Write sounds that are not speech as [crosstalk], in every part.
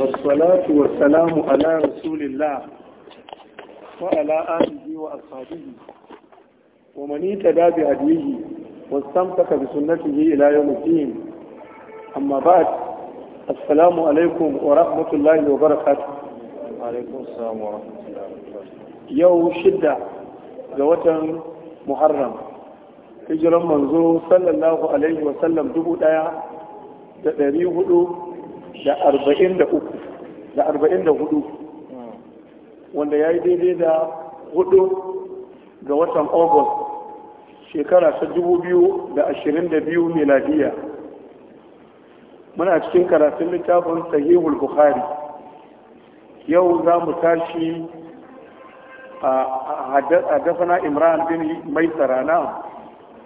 والصلاة والسلام على رسول الله وعلى آله وأصحابه ومن اهتدى بهديه واستمسك بسنته إلى يوم الدين أما بعد السلام عليكم ورحمة الله وبركاته وعليكم السلام ورحمة الله وبركاته يوم شدة جوة محرم hijiran manzo sallallahu alaihi wasallam dubu daya da ɗari hudu da arba'in da uku da arba'in da hudu wanda ya yi daidai da hudu ga watan august shekara ta dubu biyu da ashirin da biyu miladiya muna cikin karatun littafin sahihul bukhari yau za mu tashi a dafana imran bin tsara na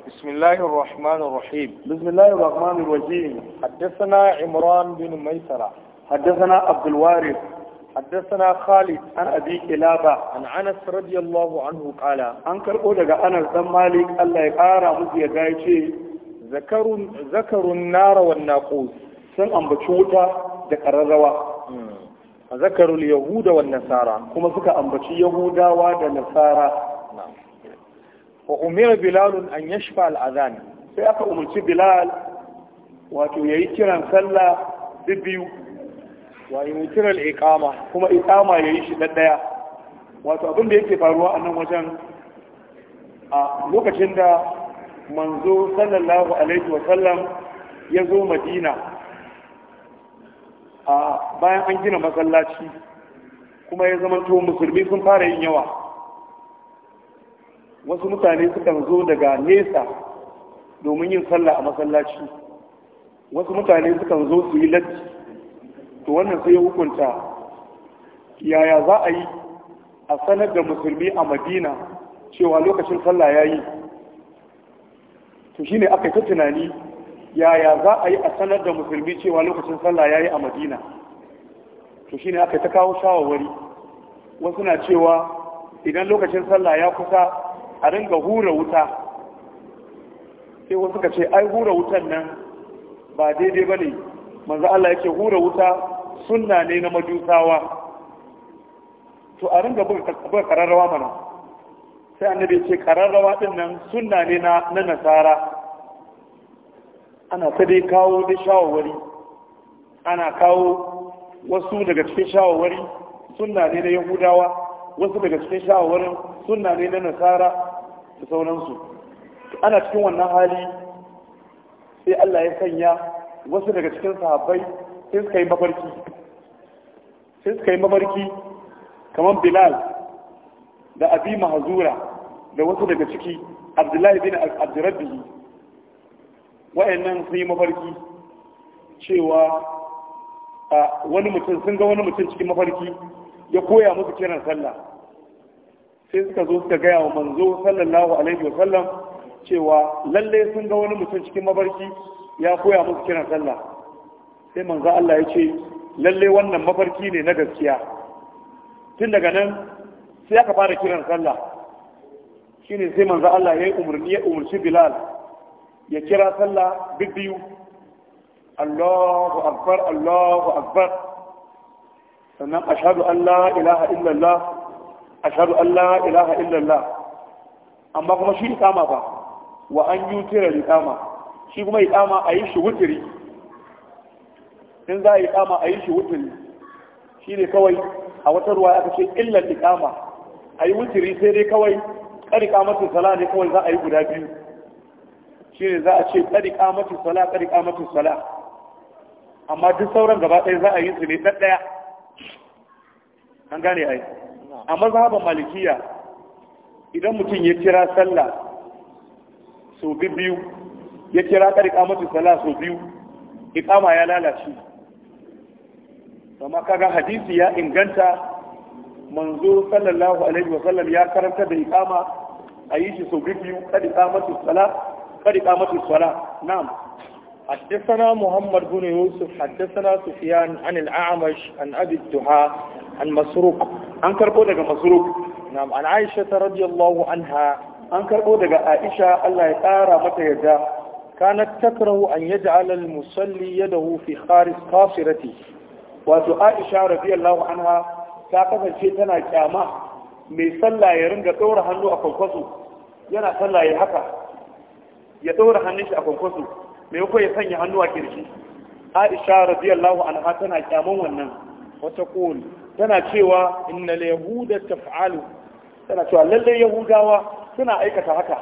بسم الله الرحمن الرحيم بسم الله الرحمن الرحيم حدثنا عمران بن ميسرة حدثنا عبد الوارث حدثنا خالد عن أبي كلابة عن أنس رضي الله عنه قال أنكر أولك أنس بن مالك الله يقارى مزي قايتي ذكروا ذكروا النار والناقوس سن أنبتشوتا ذكر الروا ذكروا اليهود والنصارى كما سكا أنبتش يهودا ونصارى wa umira bilalun an yashfa al'azani sai aka umarci bilal wato ya yi kiran sallah duk biyu wa kiran ikama kuma ikama ya yi shi ɗaya wato abin da yake faruwa a nan wajen a lokacin da manzo sallallahu alaihi wa sallam ya zo madina a bayan an gina masallaci kuma ya zama to musulmi sun fara yin yawa wasu mutane sukan zo daga nesa domin yin sallah a masallaci wasu mutane sukan zo su yi latti to wannan sai hukunta yaya za a yi a sanar da musulmi a madina cewa lokacin sallah ya yi to shine aka ta tunani yaya za a yi a sanar da musulmi cewa lokacin sallah ya yi a madina to shine aka ta kawo shawarwari wasu na cewa idan lokacin sallah ya kusa a ringa hura wuta sai wasu ka ce ai hura wutan nan ba daidai ba ne manzo Allah ya ce hura wuta sunna ne na majusawa to a ringa buga kararrawa mana sai annabi ce kararrawa din nan sunna ne na nasara ana ta dai kawo da shawarwari ana kawo wasu daga cikin shawarwari sunna ne na yahudawa wasu daga cikin shawarwarin sunna ne na nasara da sauransu ana cikin wannan hali sai Allah ya sanya wasu daga cikin sahabbai sai suka yi mafarki sai suka yi mafarki kamar Bilal da Abi Mahzura da wasu daga ciki Abdullahi bin Abdurrabbi wayannan sun yi mafarki cewa wani mutum sun ga wani mutum cikin mafarki ya koya musu kiran sallah sai suka zo suka gaya wa manzo sallallahu alaihi wasallam cewa lalle sun ga wani mutum cikin mafarki ya koya musu kiran sallah sai manzo Allah ya ce lalle wannan mafarki ne na gaskiya tun daga nan sai aka fara kiran sallah shine sai manzo Allah ya yi ya umarci Bilal ya kira sallah duk biyu Allahu akbar Allahu akbar sannan ashhadu an la ilaha illallah ashhadu an la ilaha illallah amma kuma shi iqama ba wa an yi yutira iqama shi kuma a yi shi wutiri in za a yi kama a yi shi wutiri shi ne kawai a wata ruwa aka ce illar ikama a yi wutiri sai dai kawai ƙari kamatin sala ne kawai za a yi guda biyu shi ne za a ce ƙari kamatin sala ƙari kamatin sala amma duk sauran gaba ɗaya za a yi su ne ɗaya. an gane ai a mazhaban malikiya idan mutum ya kira sallah sau biyu ya kira ƙarƙa mutu sallah sau biyu ikama ya lalace kama kaga hadisi ya inganta manzo sallallahu alaihi wa sallam ya karanta da ikama a yi shi sau biyu kada iqamatu sallah kada iqamatu sallah na'am حدثنا محمد بن يوسف حدثنا سفيان عن الأعمش عن أبي الدهاء عن مسروق عن كربودك مسروق نعم عن عائشة رضي الله عنها عن كربودك عائشة الله يتارى متى يدا كانت تكره أن يجعل المصلي يده في خارج قاصرته wato aisha رضي الله عنها kasance tana kyama mai sallah ya ringa ɗora hannu a kwankwaso yana sallah ya haka ya ɗora hannun a kwankwaso yi ya sanya hannu a kirji aisha radiyallahu anha tana kyaman wannan wata kowani tana cewa innal yahuda fa’alu tana cewa lalle yahudawa suna aikata haka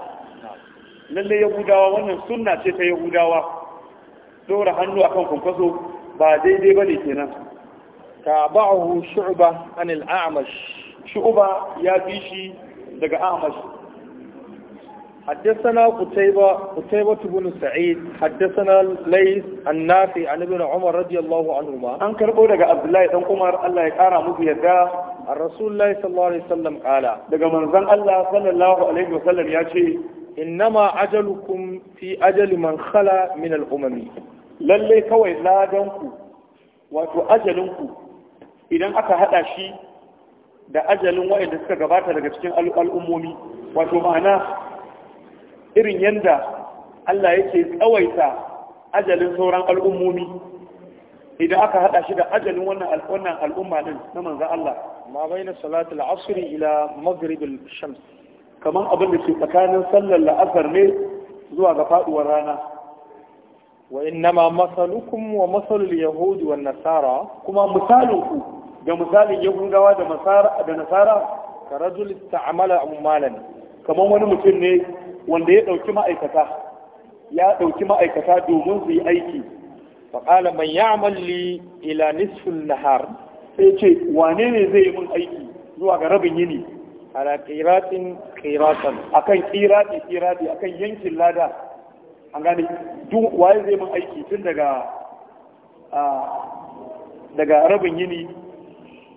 lalle yahudawa wannan sunna ce ta yahudawa dora hannu akan kwankwaso ba daidai ba bane kenan hu Shu'uba anil a'mash Shu'uba ya bi shi daga a'mash حدثنا قتيبة قتيبة بن سعيد حدثنا ليس النافي عن ابن عمر رضي الله عنهما أن كربو لك عبد الله بن عمر الله يقارى مبيدا الرسول الله صلى الله عليه وسلم قال لك من ظن الله صلى الله عليه وسلم يأتي إنما أجلكم في أجل من خلا من الأمم للي كوي لا دنكو واتو أجلنكو إذا أكا هذا شيء da ajalin wa'anda suka gabata daga cikin al'ummomi wato ma'ana irin yadda Allah yake tsawaita ajalin sauran al'ummomi idan aka haɗa shi da ajalin wannan al'umma din na manzon Allah ma baina salatul asr ila maghrib shams Kamar abin da ke tsakanin sallar la'asar ne zuwa ga faduwar rana wa innama masalukum wa masalul yahud wa nasara kuma misalinku da misalin yahudawa da nasara da nasara ka rajul ta'amala amalan Kamar wani mutum ne wanda ya ɗauki ma'aikata ya ɗauki ma'aikata domin su yi aiki faƙala man ya amalli ila nisfin nahar sai ce wane ne zai yi min aiki zuwa ga rabin yini ala qiratin qiratan akan qirati qirati akan yankin lada an gane duk waye zai min aiki tun daga daga rabin yini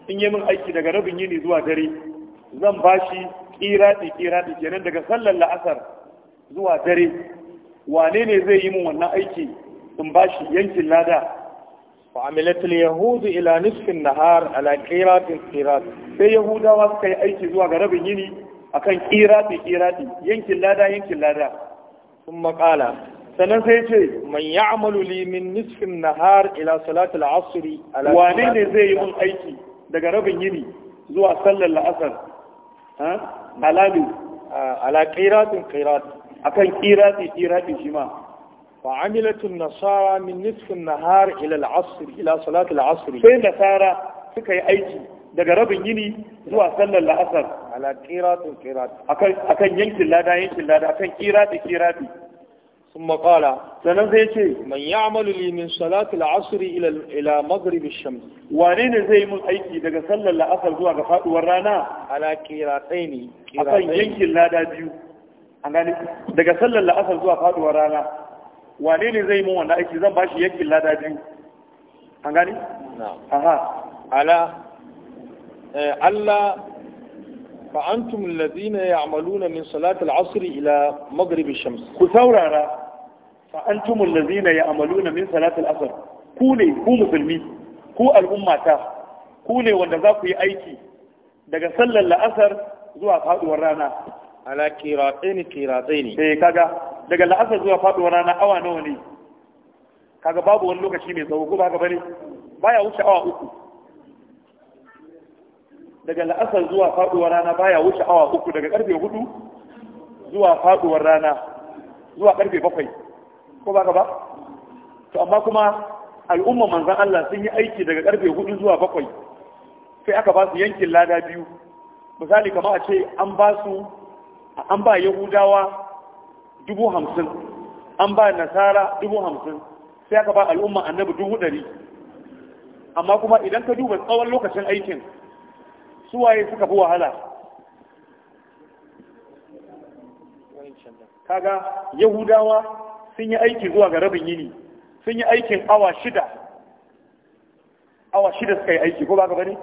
in yi min aiki daga rabin yini zuwa dare zan bashi qirati qirati kenan daga sallar la'asar zuwa dare wane ne zai yi min wannan aiki in ba shi yankin lada amilatul yahudu ila nisfin nahar ala qiratin qirat sai yahudawa suka yi aiki zuwa ga rabin yini akan qirati qirati yankin lada yankin lada sun maƙala sannan sai ce man ya'malu li min nisfin nahar ila salatul asr ala wane ne zai yi mun aiki daga rabin yini zuwa sallar la'asar ha alalu ala qiratin qirat akan kirati kirati shi ma fa amilatun nasara min nisfin nahar ila al-asr ila salat al-asr sai nasara suka yi aiki daga rabin yini zuwa sallar la'asar ala qiratin qirat akan akan yankin lada yankin lada akan qirati qirati ثم قال sannan zai ce man ya'malu li min salati al-asr ila ila maghrib ash-shams wane ne mun aiki daga sallar la'asar zuwa ga faduwar rana ala qirataini akan yankin lada biyu an gane daga sallar la'asar zuwa faduwar rana wane ne zai mun wannan aiki zan shi yankin lada biyu an gane aha ala eh, Allah fa antum allazina ya'maluna min asr ila maghrib shams ku saurara fa antum allazina ya'maluna min asr ku ne ku musulmi ku al'ummata ku ne wanda za ku yi aiki daga sallar la'asar zuwa faduwar rana ala kiratsaini kiratsaini eh kaga daga la'asar zuwa faduwar rana awa nawa ne kaga babu wani lokaci mai tsawo ko ba ka bane baya wuce awa uku daga la'asar zuwa faduwar rana baya wuce awa uku daga karfe hudu zuwa faduwar rana zuwa karfe bakwai ko ba ka ba to amma kuma al'umma manzan Allah sun yi aiki daga karfe hudu zuwa bakwai sai aka ba su yankin lada biyu misali kama a ce an ba su an ba yahudawa dubu hamsin an ba nasara dubu hamsin sai aka ba al'umma annabi dubu ɗari amma kuma idan ka duba tsawon lokacin aikin suwaye suka fi wahala kaga yahudawa sun yi aiki zuwa ga rabin yini sun yi aikin awa shida awa shida suka yi aiki ko ba ka bane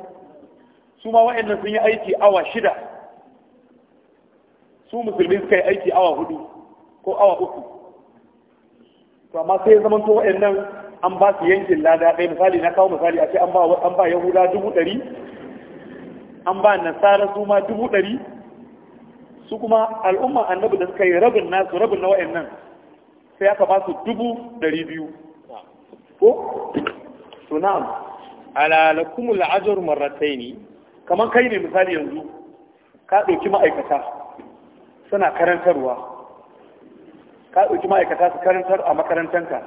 su ma wa'annan sun yi aiki awa shida su musulmi suka yi aiki awa hudu ko awa uku to amma sai zaman to wa'annan an ba su yankin lada ɗaya misali na kawo misali a ce an ba an ba yahuda dubu ɗari an ba nasara su ma dubu ɗari su kuma al'umma annabi da suka yi rabin nasu rabin na wa'annan sai aka ba su dubu ɗari biyu ko to na'am ala lakumul ajr marrataini kamar kai ne misali yanzu ka ɗauki ma'aikata suna karantarwa ka ɗauki ma'aikata su karantar a makarantanka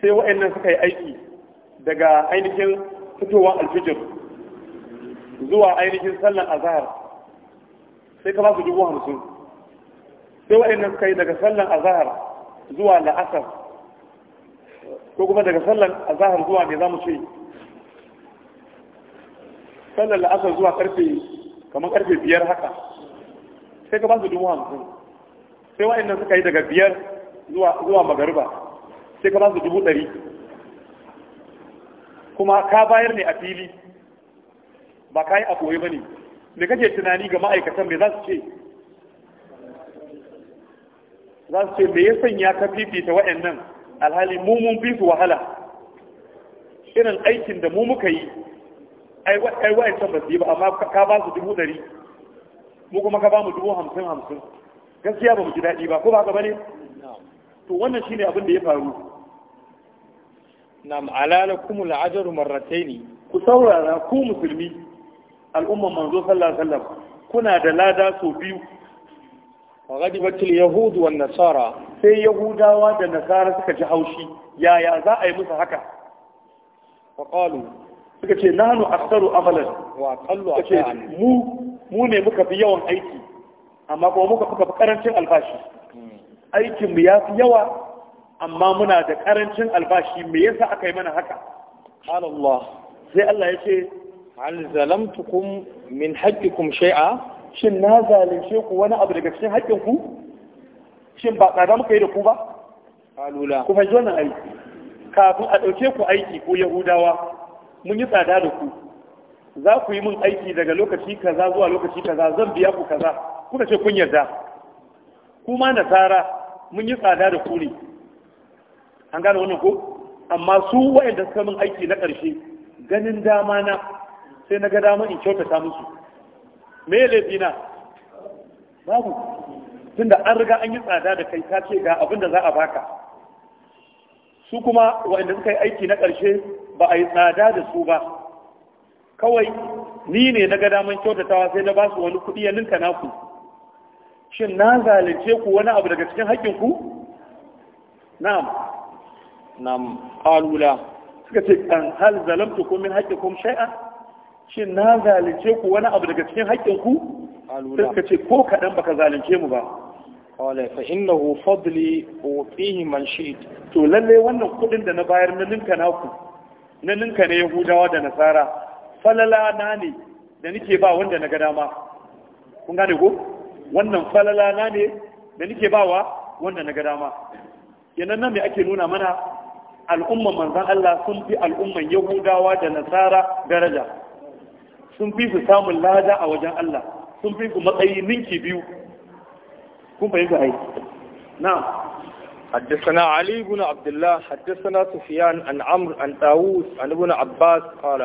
sai wa'annan suka yi aiki daga ainihin fitowar alfijir zuwa ainihin sallan azahar sai ka ba su dubu hamsin sai wa'annan suka yi daga sallan azahar zuwa la'asar ko kuma daga sallan azahar zuwa ne za mu ce sallan la'asar zuwa karfe kamar karfe biyar haka sai ka ba su dubu hamsin sai wa'annan suka yi daga biyar zuwa magariba sai ka ba su dubu ɗari kuma ka bayar ne a fili ba ka yi a koyi ba ne da kake tunani ga ma'aikatan me za su ce za su ce me ya sanya ka fifita wa'annan alhali mu mun fi su wahala irin aikin da mu muka yi ai can ba su yi ba amma ka ba su dubu ɗari mu kuma ka ba mu dubu hamsin hamsin gaskiya ba mu ji daɗi ba ko ba ba ne to wannan shi ne abin da ya faru nam alala kumul ajaru marrataini ku saurara ku musulmi al'umman manzo sallallahu alaihi kuna da lada so biyu ghadibatul yahud wan nasara sai yahudawa da nasara suka ji haushi yaya za a yi musu haka faqalu suka ce nahnu aktsaru amalan wa aqallu ata'an mu mu ne muka fi yawan aiki amma kuma muka fi karancin albashi aikin mu ya fi yawa amma muna da karancin albashi me yasa aka yi mana haka Allah sai Allah ya ce hal zalamtukum min haqqikum shay'a shin na zalunce ku wani abu daga cikin haƙƙin ku shin ba tsada muka yi da ku ba kalula ku fahimci wannan aiki kafin a ɗauke ku aiki ko yahudawa mun yi tsada da ku za ku yi min aiki daga lokaci kaza zuwa lokaci kaza zan biya ku kaza kuka ce kun yarda kuma tsara, mun yi tsada da ku ne an gane wannan ko amma su da suka min aiki na ƙarshe ganin dama na sai na ga dama in kyautata musu me laifi na babu tunda an riga an yi tsada da kai ka ce ga abin da za a baka su kuma da suka yi aiki na ƙarshe ba a yi tsada da su ba kawai ni ne na ga daman kyautatawa sai na ba su wani kuɗi ya ninka naku shin na zalunce ku wani abu daga cikin haƙƙin ku na'am na'am qalula suka ce kan hal zalamtukum min haqqikum shay'an shin na zalunce ku wani abu daga cikin haƙƙin ku qalula suka ce ko kadan baka zalunce mu ba qala fa innahu fadli utihi man shi'it to lalle wannan kuɗin da na bayar na ninka naku na ninka ne yahudawa da nasara falala na ne da nike ba wanda na ga dama kun gane ko wannan falala na ne da nike ba wa wanda na ga dama kenan nan me ake nuna mana al'umman manzan Allah sun fi al'umman yahudawa da nasara daraja sun fi su samun lada a wajen Allah sun fi su matsayi ninki biyu kun fahimta ai na'am حدثنا علي بن عبد الله حدثنا سفيان عن عمرو عن داوود عن ابن عباس قال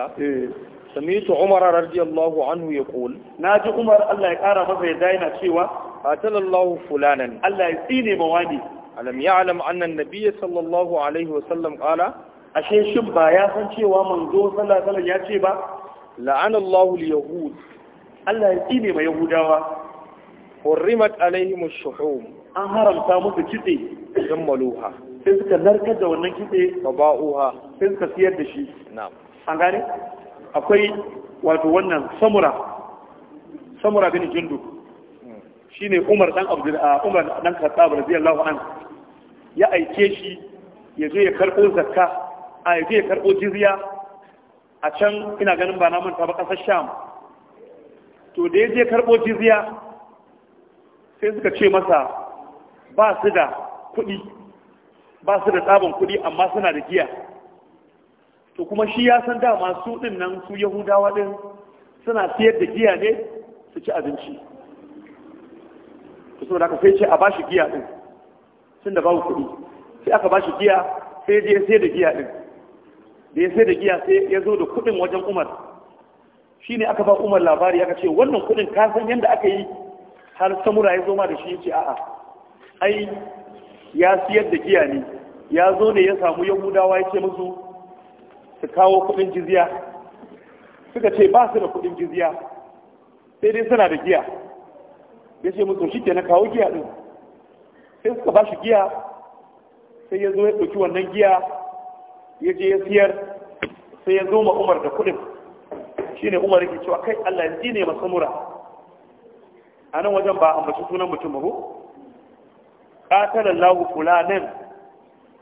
samitu umar radiyallahu anhu ya qul naji umar Allah ya kara masa ya daina cewa atalallahu fulanan Allah ya tsine mawani alam ya'lam anna an-nabiy sallallahu alaihi wa sallam qala ashe shin ba ya san cewa manzo sallallahu alaihi ya ce ba la'anallahu al-yahud Allah ya tsine ma yahudawa hurrimat alaihim ash-shuhum an haramta musu kitse jammaluha sai suka narkar da wannan kitse fa ba'uha sai suka siyar da shi na'am an gane akwai wato wannan samura samura bin jundu shine Umar dan Abdul ah, Umar dan Khattab radiyallahu an ya aike shi ya zo ya karbo zakka a ya zo ya karbo jizya a can ina ganin ba na manta ba kasar Sham to da ya je karbo jizya sai suka ce masa ba su da kuɗi ba su da tsaban kuɗi amma suna da giya to kuma shi ya san dama su din nan su yahudawa din suna siyar da giya ne su ci abinci to saboda aka sai ce a ba shi giya din tun da babu kuɗi sai aka ba shi giya sai ya je ya da giya din da ya sai da giya sai ya zo da kuɗin wajen umar shi ne aka ba umar labari aka ce wannan kuɗin ka san yadda aka yi har samura ya zo ma da shi ya ce a'a ai ya siyar da giya ne ya zo ne ya samu yahudawa ya ce musu su kawo kudin jizya suka ce ba su da kudin jizya sai dai suna da giya ya ce musu shi ke na kawo giya din sai suka ba shi giya sai ya zo ya ɗauki wannan giya ya je ya siyar sai ya zo ma umar da kudin shi ne umar yake cewa kai allah ya ne masu mura a nan wajen ba a mace sunan mutum ba ko ƙatar lahu fulanin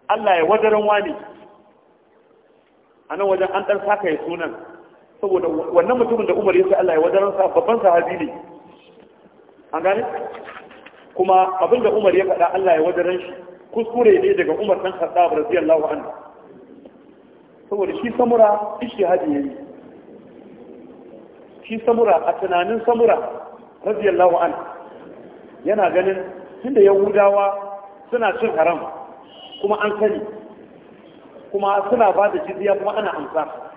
allah ya wadaran wani a nan wajen an ɗan saka ya sunan saboda wannan mutumin da umar ya ce Allah ya wajen ransa babban sahabi ne an gane kuma abin da umar ya faɗa Allah ya wajen shi kuskure ne daga umar ɗan khattab radiyallahu anhu saboda shi samura ishtihadi yayi shi samura a tunanin samura radiyallahu anhu yana ganin tunda yahudawa suna cin haram kuma an sani kuma suna ba da jizya kuma ana amsa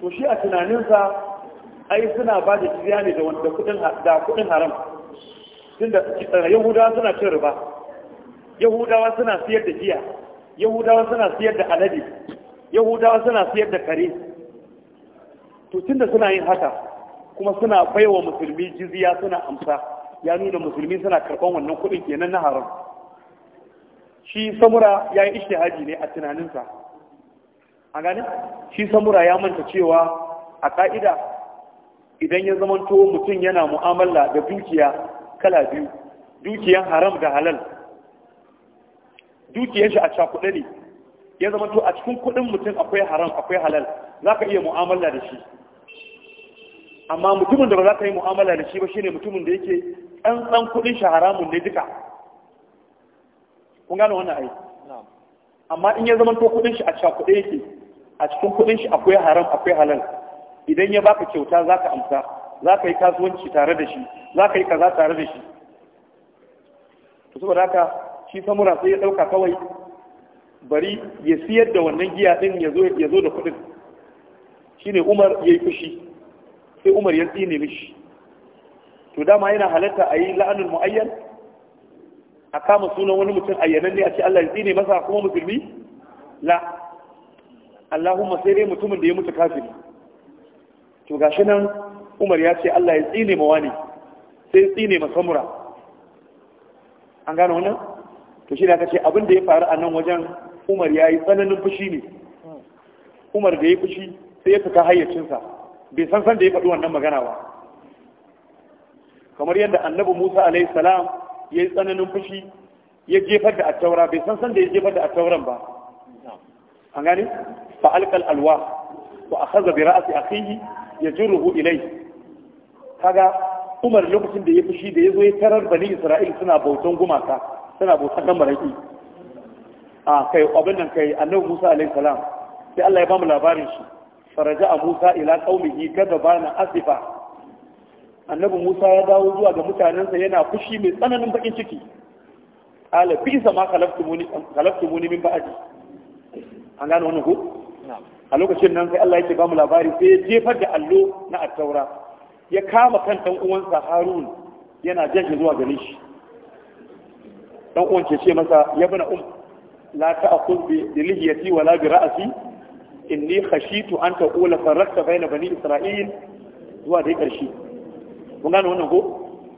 to shi a tunaninsa ai suna ba da jizya ne da wanda kudin da kudin haram tunda eh, yahudawa suna cin riba yahudawa suna siyar da jiya. yahudawa suna siyar da alade yahudawa suna siyar da kare to tunda suna yin haka kuma suna baiwa musulmi jizya suna amsa ya nuna musulmi suna karban wannan kudin kenan na haram shi samura ya yi ishtihadi ne a tunaninsa a gani shi samura ya manta cewa a ka'ida idan ya zamanto mutum yana mu'amala da dukiya kala biyu dukiyan haram da halal dukiyan shi a cakuɗe ne ya zamanto a cikin kuɗin mutum akwai haram akwai halal za ka iya mu'amala da shi amma mutumin da ba za ka yi mu'amala da shi ba shine mutumin da yake ɗan kuɗin shi haramun ne duka kun gane wannan ai amma in ya zama to kudin shi a kudin shi a cikin kudin shi akwai haram akwai halal idan ya baka kyauta zaka amsa zaka yi kasuwanci tare da shi zaka yi kaza tare da shi to saboda haka shi samura sai ya dauka kawai bari ya siyar da wannan giya din ya zo ya zo da kudin shine Umar yayi fushi sai Umar ya tsine mishi to dama yana halatta a yi la'anul mu'ayyan a kama sunan wani mutum yanar ne a ce Allah ya tsine masa kuma musulmi la Allahumma sai dai mutumin da ya mutu kafiri to gashi nan Umar ya ce Allah ya tsine ma wani sai tsine ma samura an gano wannan to shi da aka ce abin da ya faru a nan wajen Umar ya yi tsananin fushi ne Umar da ya fushi sai ya fita hayyacinsa bai san san da ya faɗi wannan magana ba kamar yadda annabi Musa alaihi salam ya yi tsananin fushi ya jefar da attaura bai san san da ya jefar da attauran ba an gani fa alqal alwa wa akhadha bi ra'si akhihi yajruhu ilay kaga Umar lokacin da ya fushi da yazo ya tarar bani Isra'il suna bautan gumaka suna bautan dan a kai abin nan kai annabi Musa alaihi salam sai Allah ya ba mu labarin shi faraja Musa ila qaumihi kadabana asifa annabi Musa ya dawo zuwa ga mutanensa yana fushi mai tsananin bakin ciki ala fi sama kalaftu muni min ba'di an gano wannan ko a lokacin nan sai Allah yake ba mu labari sai ya jefar da allo na at ya kama kan dan uwansa Harun yana jaje zuwa gare shi dan uwan ce ce masa ya bana um la ta'khudh bi lihiyati wala bi ra'si inni khashitu an taqula farakta bayna bani isra'il zuwa dai karshe kun gane wannan ko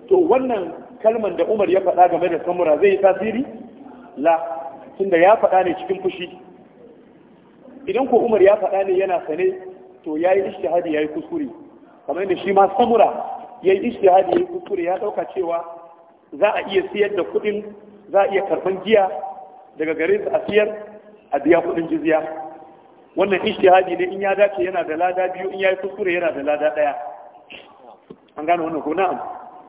to wannan kalman da Umar ya faɗa game da samura zai yi tasiri la tunda ya faɗa ne cikin fushi idan ko Umar ya faɗa ne yana sane to yayi ishtihadi yayi kuskure kamar yadda shi ma samura yayi ishtihadi yayi kuskure ya dauka cewa za a iya siyar da kuɗin za a iya karban giya daga gare su a siyar a biya kuɗin jizya wannan ishtihadi ne in ya dace yana da lada biyu in yayi kuskure yana da lada ɗaya an gane wannan ko na'am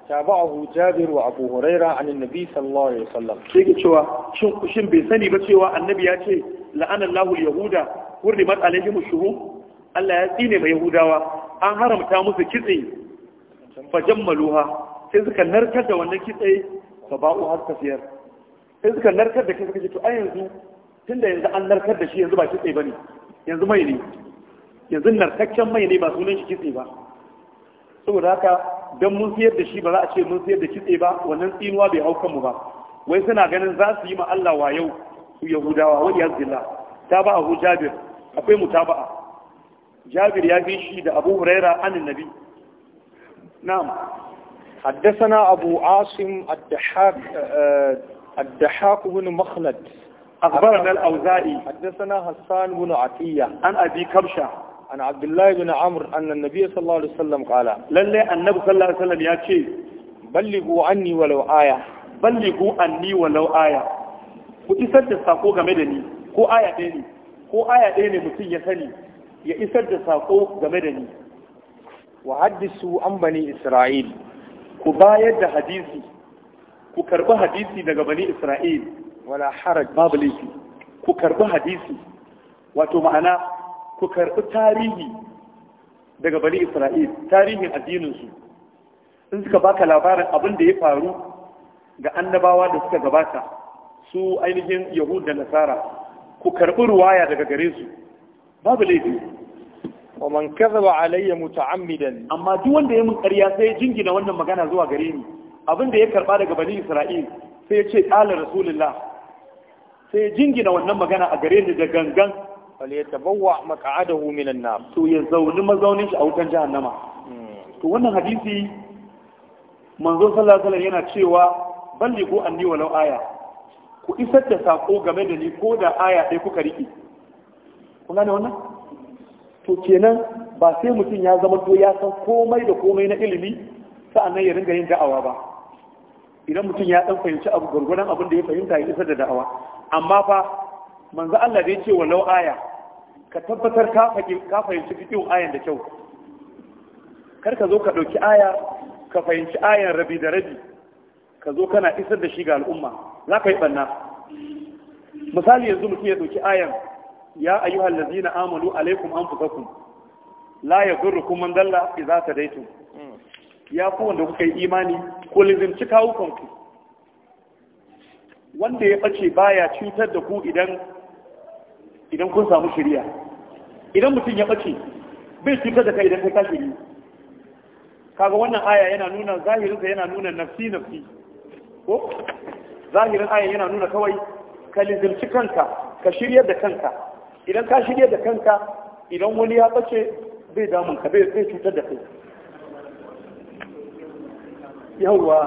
tabahu jabir wa abu huraira an annabi sallallahu alaihi wasallam sai ke cewa shin shin bai sani ba cewa annabi ya ce la'ana Allahu yahuda hurrimat alaihim shuhu Allah ya tsine mai yahudawa an haramta musu kitse fajammaluha sai suka narkar da wannan kitse fa ba'u har kafiyar sai suka narkar da kitse suka ce to a yanzu tunda yanzu an narkar da shi yanzu ba kitse bane yanzu mai ne yanzu narkakken mai ne ba sunan shi kitse ba saboda haka don mun siyar da shi ba za a ce mun siyar da kitse ba wannan tsinuwa bai hau mu ba wai suna ganin za su yi ma Allah wa yau su yahudawa wa iyaz billah ta ba abu jabir akwai mutaba'a jabir ya fi shi da abu huraira anin nabi na'am حدثنا أبو عاصم الدحاك الدحاك بن مخلد أخبرنا الأوزائي حدثنا Hassan بن عطية An abi كبشة an abdullahi bin Amur annan nabi sallallahu alaihi wasallam qala lalle annabi sallallahu alaihi wasallam ya ce ballighu anni walau aya ballighu anni walau aya ku isar da sako game da ni ko aya ɗaya ne ko aya ɗaya ne mutum ya sani ya isar da sako game da ni wa haddisu an bani isra'il ku bayar da hadisi ku karbi hadisi daga bani isra'il wala haraj babu laifi ku karbi hadisi wato ma'ana ku karɓi tarihi daga bani isra'il tarihin addininsu in suka baka labarin abin da ya faru ga annabawa da suka gabata su ainihin yahud da nasara ku karɓi ruwaya daga gare su babu laifi wa man kadhaba alayya muta'ammidan amma duk wanda ya mun karya sai jingina wannan magana zuwa gare ni abin da ya karɓa daga bani isra'il sai ya ce qala rasulullah sai jingina wannan magana a gare ni da gangan wale tabawwa maka'adahu minan nar to ya zauni mazaunin shi a wutan jahannama hmm. to wannan hadisi manzo sallallahu alaihi yana cewa ko anni walau aya ku isar da sako game da ni ko da aya ɗaya kuka rike kun gane wannan to kenan ba sai mutum ya zama to ya san komai da komai na ilimi sa'annan ya ringa yin da'awa ba idan mutum ya dan fahimci abu gurgurdan abin da ya fahimta ya isar da da'awa amma fa manzo Allah da ce walau aya ka tabbatar ka ka fahimci fiqhin ayan da kyau kar ka zo ka dauki aya ka fahimci ayan rabi da rabi ka zo kana isar da shi ga al'umma za ka yi banna misali yanzu mutum ya dauki ayan ya ayyuhal ladina amalu alaikum anfusakum la yadurrukum man dalla idza tadaytum ya ku wanda kuka yi imani ko lizinci kawukanku wanda ya bace baya cutar da ku idan idan kun samu shirya idan mutum ya ɓace bai cutar da kai idan kai ka shiri kaga wannan aya yana nuna zahirinsa yana nuna nafsi nafsi ko zahirin aya yana nuna kawai ka lizirci kanka ka shirya da kanka idan ka shirya da kanka idan wani ya ɓace bai damun ka bai cutar da kai yawwa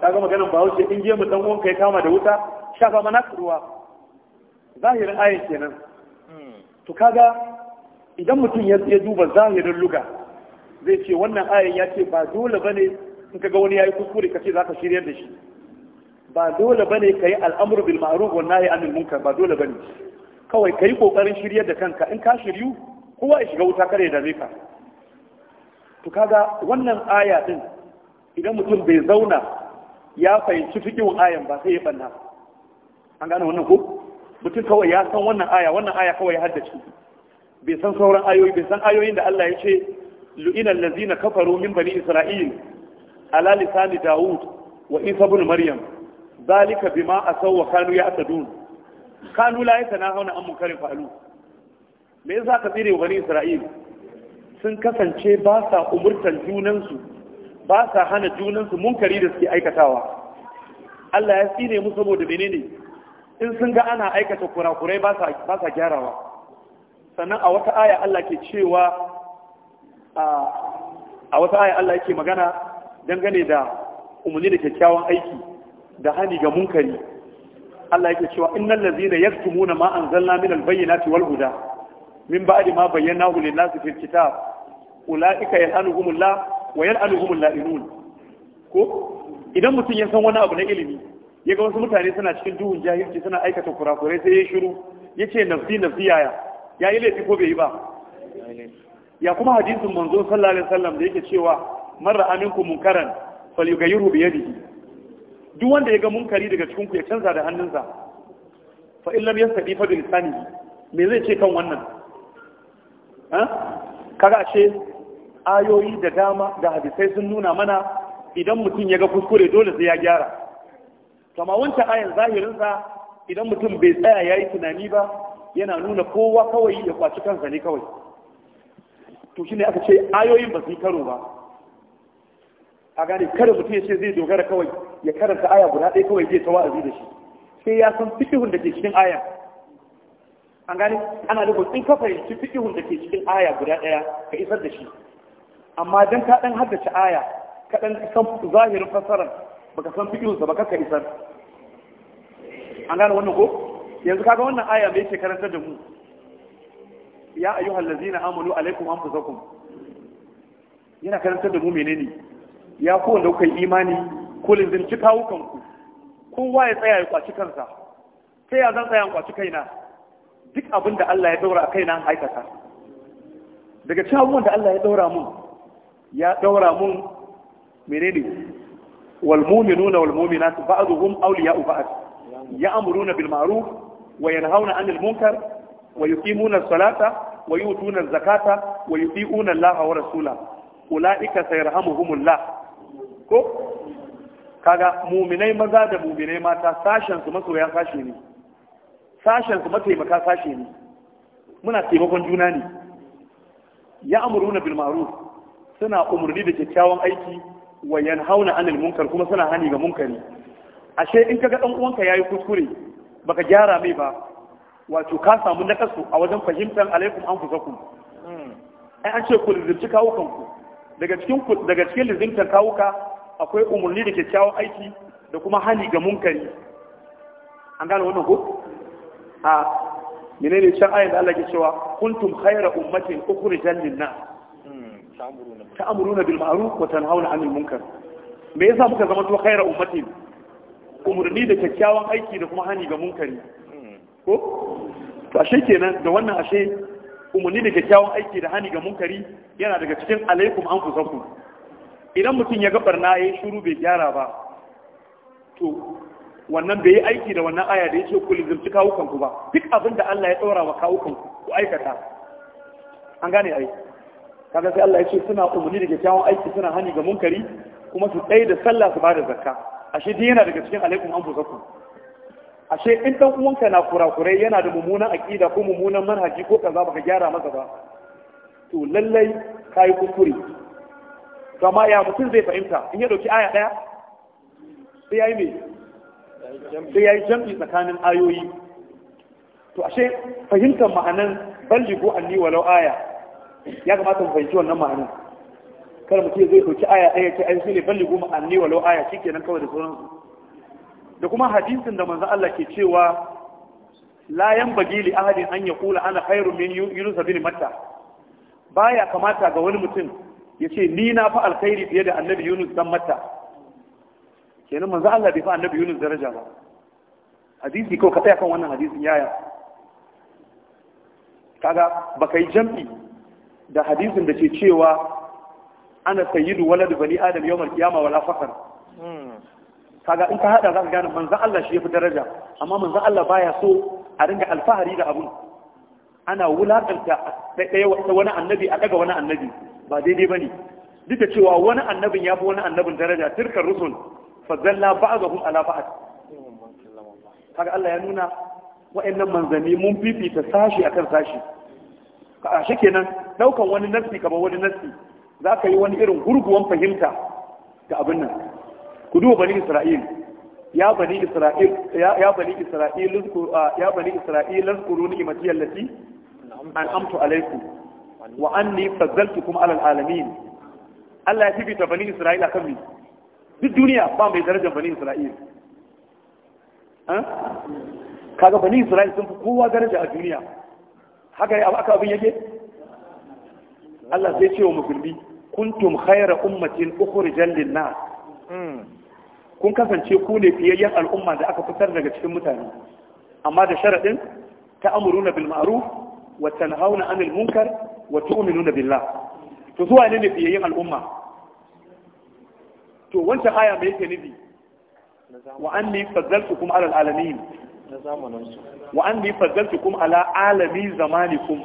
ta ga maganin ba wuce in je mu dan wanka ya kama da wuta shafa mana ruwa zahirin ayin kenan to kaga idan mutum ya duba zahirin luga zai ce wannan ayan ya ce ba dole bane in kaga wani yayi kuskure kace zaka shiryar da shi ba dole bane kai al'amru bil ma'ruf wan nahy anil munkar ba dole bane kawai kai kokarin shiryar da kanka in ka shiryu kowa ya shiga wuta kare da zai ka to kaga wannan aya din idan mutum bai zauna ya fahimci fikin ayan ba sai ya banna an gane wannan ko mutum kawai ya san wannan aya wannan aya kawai ya haddace bai san sauran ayoyi bai san ayoyin da Allah ya ce lu'inal ladzina kafaru min bani isra'il ala lisani daud wa isa ibn maryam zalika bima asaw wa kanu ya'tadun kanu la yatanahuna an karin falu me yasa ka tsire bani isra'il sun kasance ba sa umurtan junansu ba sa hana junansu munkari da suke aikatawa Allah ya tsine mu saboda menene in sun ga ana aikata kurakurai ba sa gyarawa sannan a wata aya Allah ke cewa a wata aya Allah yake magana dangane da umarni da kyakkyawan aiki da hani ga munkari Allah yake cewa innal ladzina yaktumuna ma anzalna min albayyinati wal huda min ba'di ma bayyanahu lin nasi fil kitab ulaika yalhanuhumullah wa yalhanuhumul la'inun ko idan mutum ya san wani abu na ilimi ya ga wasu mutane suna cikin duhun jahilci suna aikata kurakurai sai ya shiru ya ce nafsi nafsi yaya ya yi laifi ko bai yi ba ya kuma hadisin manzo sallallahu alaihi wasallam da yake cewa man ra'a minkum munkaran falyughayyirhu bi yadihi duk wanda ya ga munkari daga cikin ku ya canza da hannunsa fa in lam yastati fa bi lisanihi me zai ce kan wannan ha kaga ashe ayoyi da dama da hadisai sun nuna mana idan mutum ya ga kuskure dole sai ya gyara kama wancan ayan zahirinsa idan mutum bai tsaya ya yi tunani ba yana nuna kowa kawai ya kwaci kansa ne kawai to shi ne aka ce ayoyin ba su yi karo ba a gane kada mutum ya ce zai dogara kawai ya karanta aya guda ɗaya kawai zai ta wa'azi da shi sai ya san fikihun da ke cikin aya an gane ana da in ka fahimci fikihun da ke cikin aya guda ɗaya ka isar da shi amma don ka ɗan haddace aya ka ɗan san zahirin fassarar baka san sa baka kai isar an gane wannan ko yanzu kaga wannan aya mai yake karantar da mu ya ayyuhal ladzina amanu alaikum anfusakum yana karantar da mu menene ya ku wanda kuka yi imani ku lizinci kawukanku kowa ya tsaya ya kwaci kansa sai ya zan tsaya kwaci kaina duk abin da Allah ya daura a kaina an aikata daga cikin abubuwan da Allah ya daura mun ya daura mun menene والمؤمنون والمؤمنات بعضهم أولياء بعض يأمرون بالمعروف وينهون عن المنكر ويقيمون الصلاة ويؤتون الزكاة ويطيعون الله ورسوله أولئك سيرحمهم الله kaga muminai maza da muminai mata sashen su masoya sashe ne sashen su mataimaka sashe ne muna taimakon juna ne ya amuruna bil ma'ruf suna umurni da kyakkyawan aiki wa hauna anil munkar kuma suna hani ga munkari ashe in kaga dan uwanka yayi kuskure baka gyara mai ba wato ka samu nakasu a wajen fahimtar alaikum anfusakum hmm. ai an ce ku lizinci kawukanku daga cikin daga cikin lizintar kawuka akwai umurni da kyakkyawan aiki da kuma hani ga munkari an gane wannan ko a menene can ayin da Allah ke cewa kuntum khayra ummatin ukhrijal lin nas ta'amuruna bil ma'ruf wa tanhauna 'anil munkar me yasa muka zama to khairu ummati umurni da kyakkyawan aiki da kuma hani ga munkari hmm. ko to ashe kenan da wannan ashe umurni da kyakkyawan aiki da hani ga munkari yana daga cikin alaikum anfusakum idan mutum ya ga barna yayi shiru bai gyara ba to wannan bai yi aiki da wannan aya da ya kullu ku lizimci kawukanku ba duk abin da Allah ya ɗora wa kawukanku ku aikata an gane ai kaga sai Allah ya ce suna umarni da kyakkyawan aiki suna hani ga munkari kuma su tsaye da sallah su bada zakka ashe din yana daga cikin alaikum anfusakum ashe in dan uwanka na kurakurai yana da mummunan aqida ko mummunan manhaji ko kaza baka gyara masa ba to lallai kai kuskure to ya mutum zai fahimta in ya dauki aya daya sai yayi me sai yayi jam'i tsakanin ayoyi to ashe fahimtar ma'anan ballighu anni walau aya ya kamata mu fahimci wannan ma'anin kar ce zai ɗauki aya ɗaya ce ai shine balli goma anni walau aya kenan kawai da sauransu da kuma hadisin da manzo Allah ke cewa la yanbaghi li ahadin an yaqula ana khairun min yunus bin matta baya kamata ga wani mutum ya ce ni na fa alkhairi fiye da annabi yunus dan matta kenan manzo Allah bai fa annabi yunus daraja ba hadisi ko ka tsaya kan wannan hadisin yaya kaga baka yi jam'i da hadisin da ke cewa ana sayyidu walad bani adam yawmal qiyama wala fakar kaga in ka hada zaka gane manzon Allah shi yafi daraja amma manzon Allah baya so a ringa alfahari da abun ana wulakanta ɗaya wani annabi a daga wani annabi ba daidai bane duk da cewa wani annabin yafi wani annabin daraja turka rusul fa zalla ba'dhum ala ba'd kaga Allah ya nuna wa'annan manzanni mun fifita sashi akan sashi a shikenan daukan wani nafsi kamar wani nafsi za ka yi wani irin gurguwan fahimta ga abin nan ku duba bani isra'il ya bani isra'il ya bani isra'il ya bani isra'il lazkuru ni'mati allati an'amtu alaykum wa anni fazzaltukum ala alamin Allah ya fifita bani isra'il akan ni duk duniya ba mai darajar bani isra'il kaga bani isra'il sun fi kowa daraja a duniya haka ne aka abin yake Allah zai ce wa musulmi kuntum khayra ummatin ukhrijal linnas hmm. kun kasance ku ne fiyayyen al'umma da aka fitar daga cikin mutane amma da sharadin ta'muruna bil ma'ruf wa tanhauna 'anil munkar wa tu'minuna billah to zuwa ne ne fiyayyen al'umma to wancan aya me yake nufi wa anni fazzaltukum 'alal alamin na zamaninsu wa an ni faddaltukum ala alami zamanikum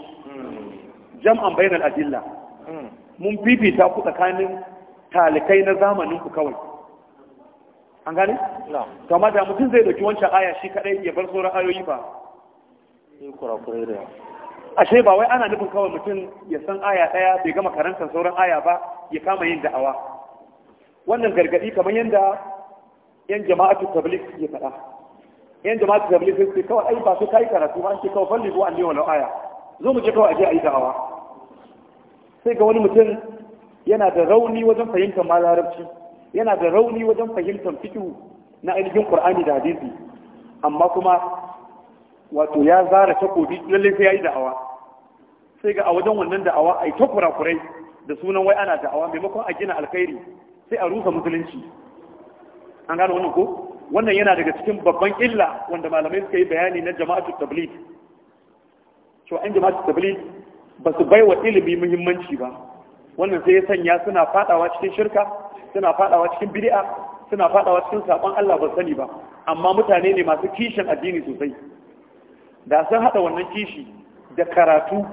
jam'an bainal adilla mun fifita ku tsakanin talikai na zamanin ku kawai an gane kama da mutum zai dauki wancan aya shi kadai ya bar sauran ayoyi ba ashe ba wai ana nufin kawai mutum ya san aya daya bai gama karantar sauran aya ba ya kama yin da'awa wannan gargadi kamar yadda yan jama'atu tabligh ya faɗa yan jama'a da bilifin sai kawai ai ba su kai karatu ba ce kawai falli ko an wani aya zo mu je kawai aje ayi da'awa sai ga wani mutum yana da rauni wajen fahimtar ma larabci yana da rauni wajen fahimtar fikihu na ainihin qur'ani da hadisi amma kuma wato ya zara takobi lalle sai yayi da'awa sai ga a wajen wannan da'awa ai ta kurakurai da sunan wai ana da'awa maimakon a gina alkhairi sai a rusa musulunci an gano wannan ko wannan yana daga cikin babban illa wanda malamai suka yi bayani na jama'atu tabligh cewa an jama'atu tabligh ba su baiwa ilimi muhimmanci ba wannan sai ya sanya suna fadawa cikin shirka suna fadawa cikin bid'a suna fadawa cikin sabon Allah ba sani ba amma mutane ne masu kishin addini sosai da sun hada wannan kishi da karatu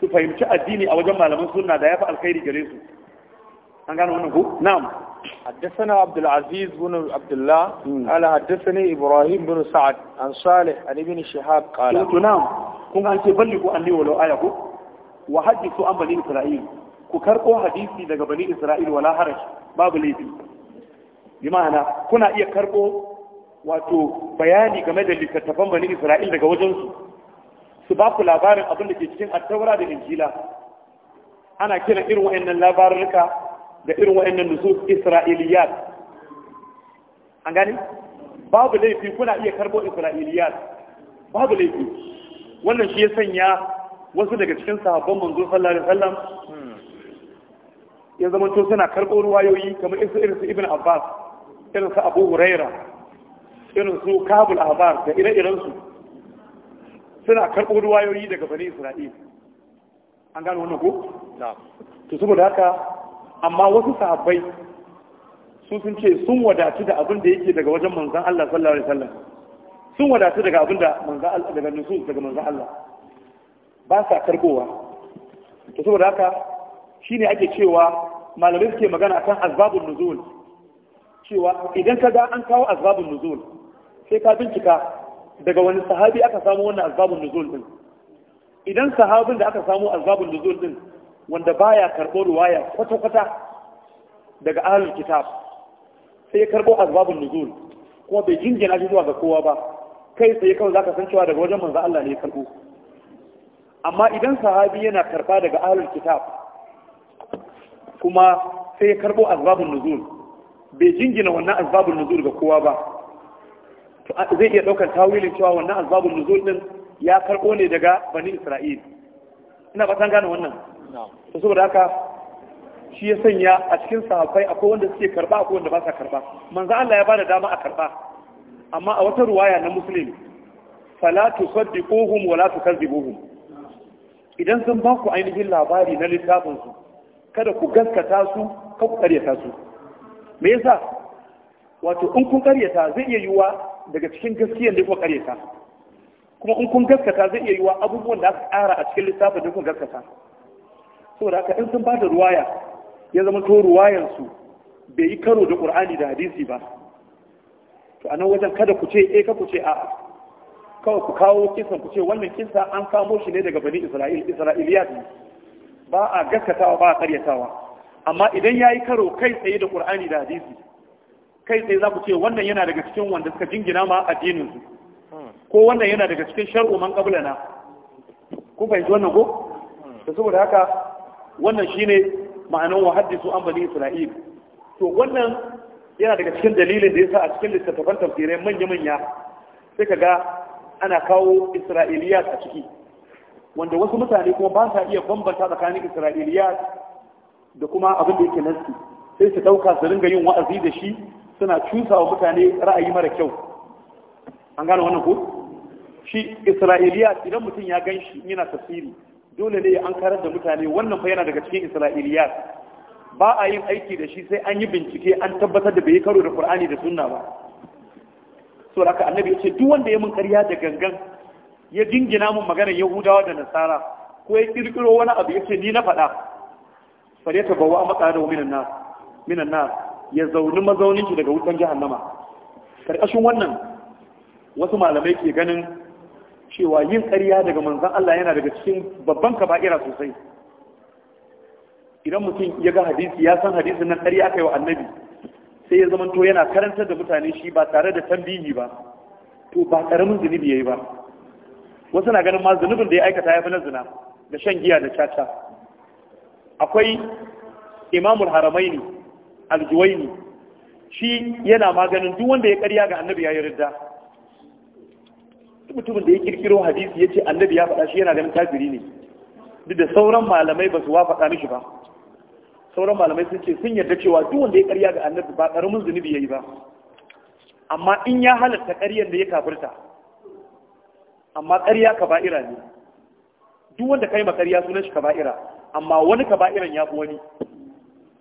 su fahimci addini a wajen malaman sunna da ya fi alkhairi gare su an gane wannan ku na'am حدثنا عبد العزيز بن عبد الله قال حدثني ابراهيم بن سعد عن صالح عن ابن شهاب قال قلت نعم كن انت بلغوا عني ولو ايه وحدثوا عن بني اسرائيل ku karɓo hadisi daga bani isra'il wala haraj babu laifi bi ma'ana kuna iya karɓo wato bayani game da littattafan bani isra'il daga wajensu su ba ku labarin abin da ke cikin attaura da injila ana kiran irin wa'annan labarurka da irin wa'annan nusus isra'iliyat an gani babu laifi kuna iya karbo isra'iliyat babu laifi wannan shi ya sanya wasu daga cikin sahabban manzo sallallahu alaihi wasallam ya zama to suna karbo ruwayoyi kamar irin su ibn abbas irin su abu huraira irin su kabul Abbas da ire-iren su suna karbo ruwayoyi daga bani isra'il an gano wannan ko to saboda haka amma wasu sahabbai sun sun ce sun wadatu da abin da yake daga wajen manzan Allah sallallahu alaihi wasallam sun wadatu daga abin da manzan Allah daga nusus daga manzan Allah ba sa karbowa to saboda haka shine ake cewa malamai suke magana akan azbabun nuzul cewa idan ka ga an kawo azbabun nuzul sai ka bincika daga wani sahabi aka samu wannan azbabun nuzul din idan sahabin da aka samu azbabun nuzul din wanda baya karɓo ruwaya kwata-kwata daga ahlul kitab sai ya karɓo azbabun nuzul kuma bai jingina shi zuwa ga kowa ba kai sai kawai zaka san cewa daga wajen manzo Allah ne ya karɓo amma idan sahabi yana karɓa daga ahlul kitab kuma sai ya karɓo azbabun nuzul bai jingina wannan azbabun nuzul ga kowa ba to zai iya ɗaukar tawilin cewa wannan azbabun nuzul din ya karɓo ne daga bani Isra'il ina ba gane wannan to saboda haka shi ya sanya a cikin sahabbai akwai wanda suke karba akwai wanda ba sa karba manzo Allah ya bada dama a karba amma a wata ruwaya na muslim fala tusaddiquhum wala tukazzibuhum idan sun ba ku ainihin labari na littafin su kada ku gaskata su ka ku karyata su me yasa wato in kun karyata zai iya yiwa daga cikin gaskiyar da kuma karyata kuma in kun gaskata zai iya yiwa abubuwan da aka ƙara a cikin littafin da kun gaskata saboda haka in sun ba da ruwaya ya zama to ruwayansu bai yi karo da ƙur'ani da hadisi ba to a nan wajen kada ku ce e eh, ka ku ce a kawai ku kawo kisan ku ce wannan kisa an samo shi ne daga bani isra'il isra'iliyat ne ba a gaskatawa ba a karyatawa amma idan ya yi karo kai tsaye da ƙur'ani da hadisi kai tsaye za ku ce wannan yana daga cikin wanda suka jingina ma addinin su ko wannan yana daga cikin shar'u man qablana ku bai wannan ko da saboda haka wannan shine ma'anar wa haddisu an bani isra'il to wannan yana daga cikin dalilin da yasa a cikin littattafan tafsirai manya-manya sai ka ga ana kawo isra'iliyat a ciki wanda wasu mutane kuma ba sa iya bambanta tsakanin isra'iliyat da kuma abin da yake nasi sai su ɗauka su ringa yin wa'azi da shi suna cusa wa mutane ra'ayi mara kyau an gane wannan ko shi isra'iliyat idan mutum ya gan shi yana tafsiri dole ne an karar da mutane wannan fa yana daga cikin isra'iliya ba a yin aiki da shi sai an yi bincike an tabbatar da bai karo da qur'ani da sunna ba so haka annabi ya ce duk wanda ya mun karya da gangan ya jingina mun maganar yahudawa da nasara ko ya kirkiro wani abu ya ce ni na faɗa fare ta bawa matsaya da minan nas minan nas ya zauni mazaunin ki daga wutan jahannama karkashin wannan wasu malamai ke ganin cewa yin ƙarya daga manzan Allah yana daga cikin babban kaba'ira sosai idan mutum ya ga hadisi ya san hadisin nan ƙarya aka yi wa annabi sai ya zama to yana karantar da mutane shi ba tare da tambihi ba to ba ƙaramin zunubi ya yi ba wasu na ganin ma zunubin da ya aikata ya fi na zina da shan giya da caca akwai imamul haramaini aljuwaini shi yana maganin duk wanda ya ƙarya ga annabi ya yi ridda mutumin da ya kirkiro hadisi ya ce annabi ya faɗa shi yana ganin kafiri ne duk da sauran malamai ba su wa faɗa mishi ba sauran malamai sun ce sun yarda cewa duk wanda ya karya ga annabi ba ƙaramin zunubi ya yi ba amma in ya halatta ƙaryar da ya kafirta amma ƙarya ka ba'ira ne duk wanda kai ma ƙarya sunan shi ka ba'ira, amma wani ba'iran ya fi wani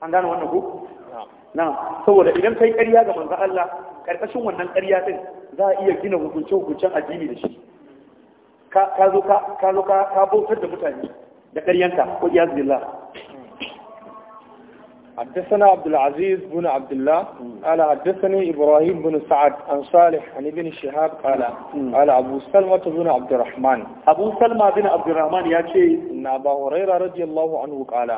an gane wannan ko na saboda idan kai ƙarya ga manzo Allah karkashin wannan ƙarya din za a iya gina hukunce-hukuncen addini da shi ka zo ka bautar da mutane da ƙaryanka ko iya zila حدثنا عبد العزيز بن عبد الله قال حدثني إبراهيم بن سعد عن صالح عن ابن شهاب قال قال أبو سلمة بن عبد الرحمن أبو سلمة بن عبد الرحمن يا شيء إن أبا هريرة رضي الله عنه قال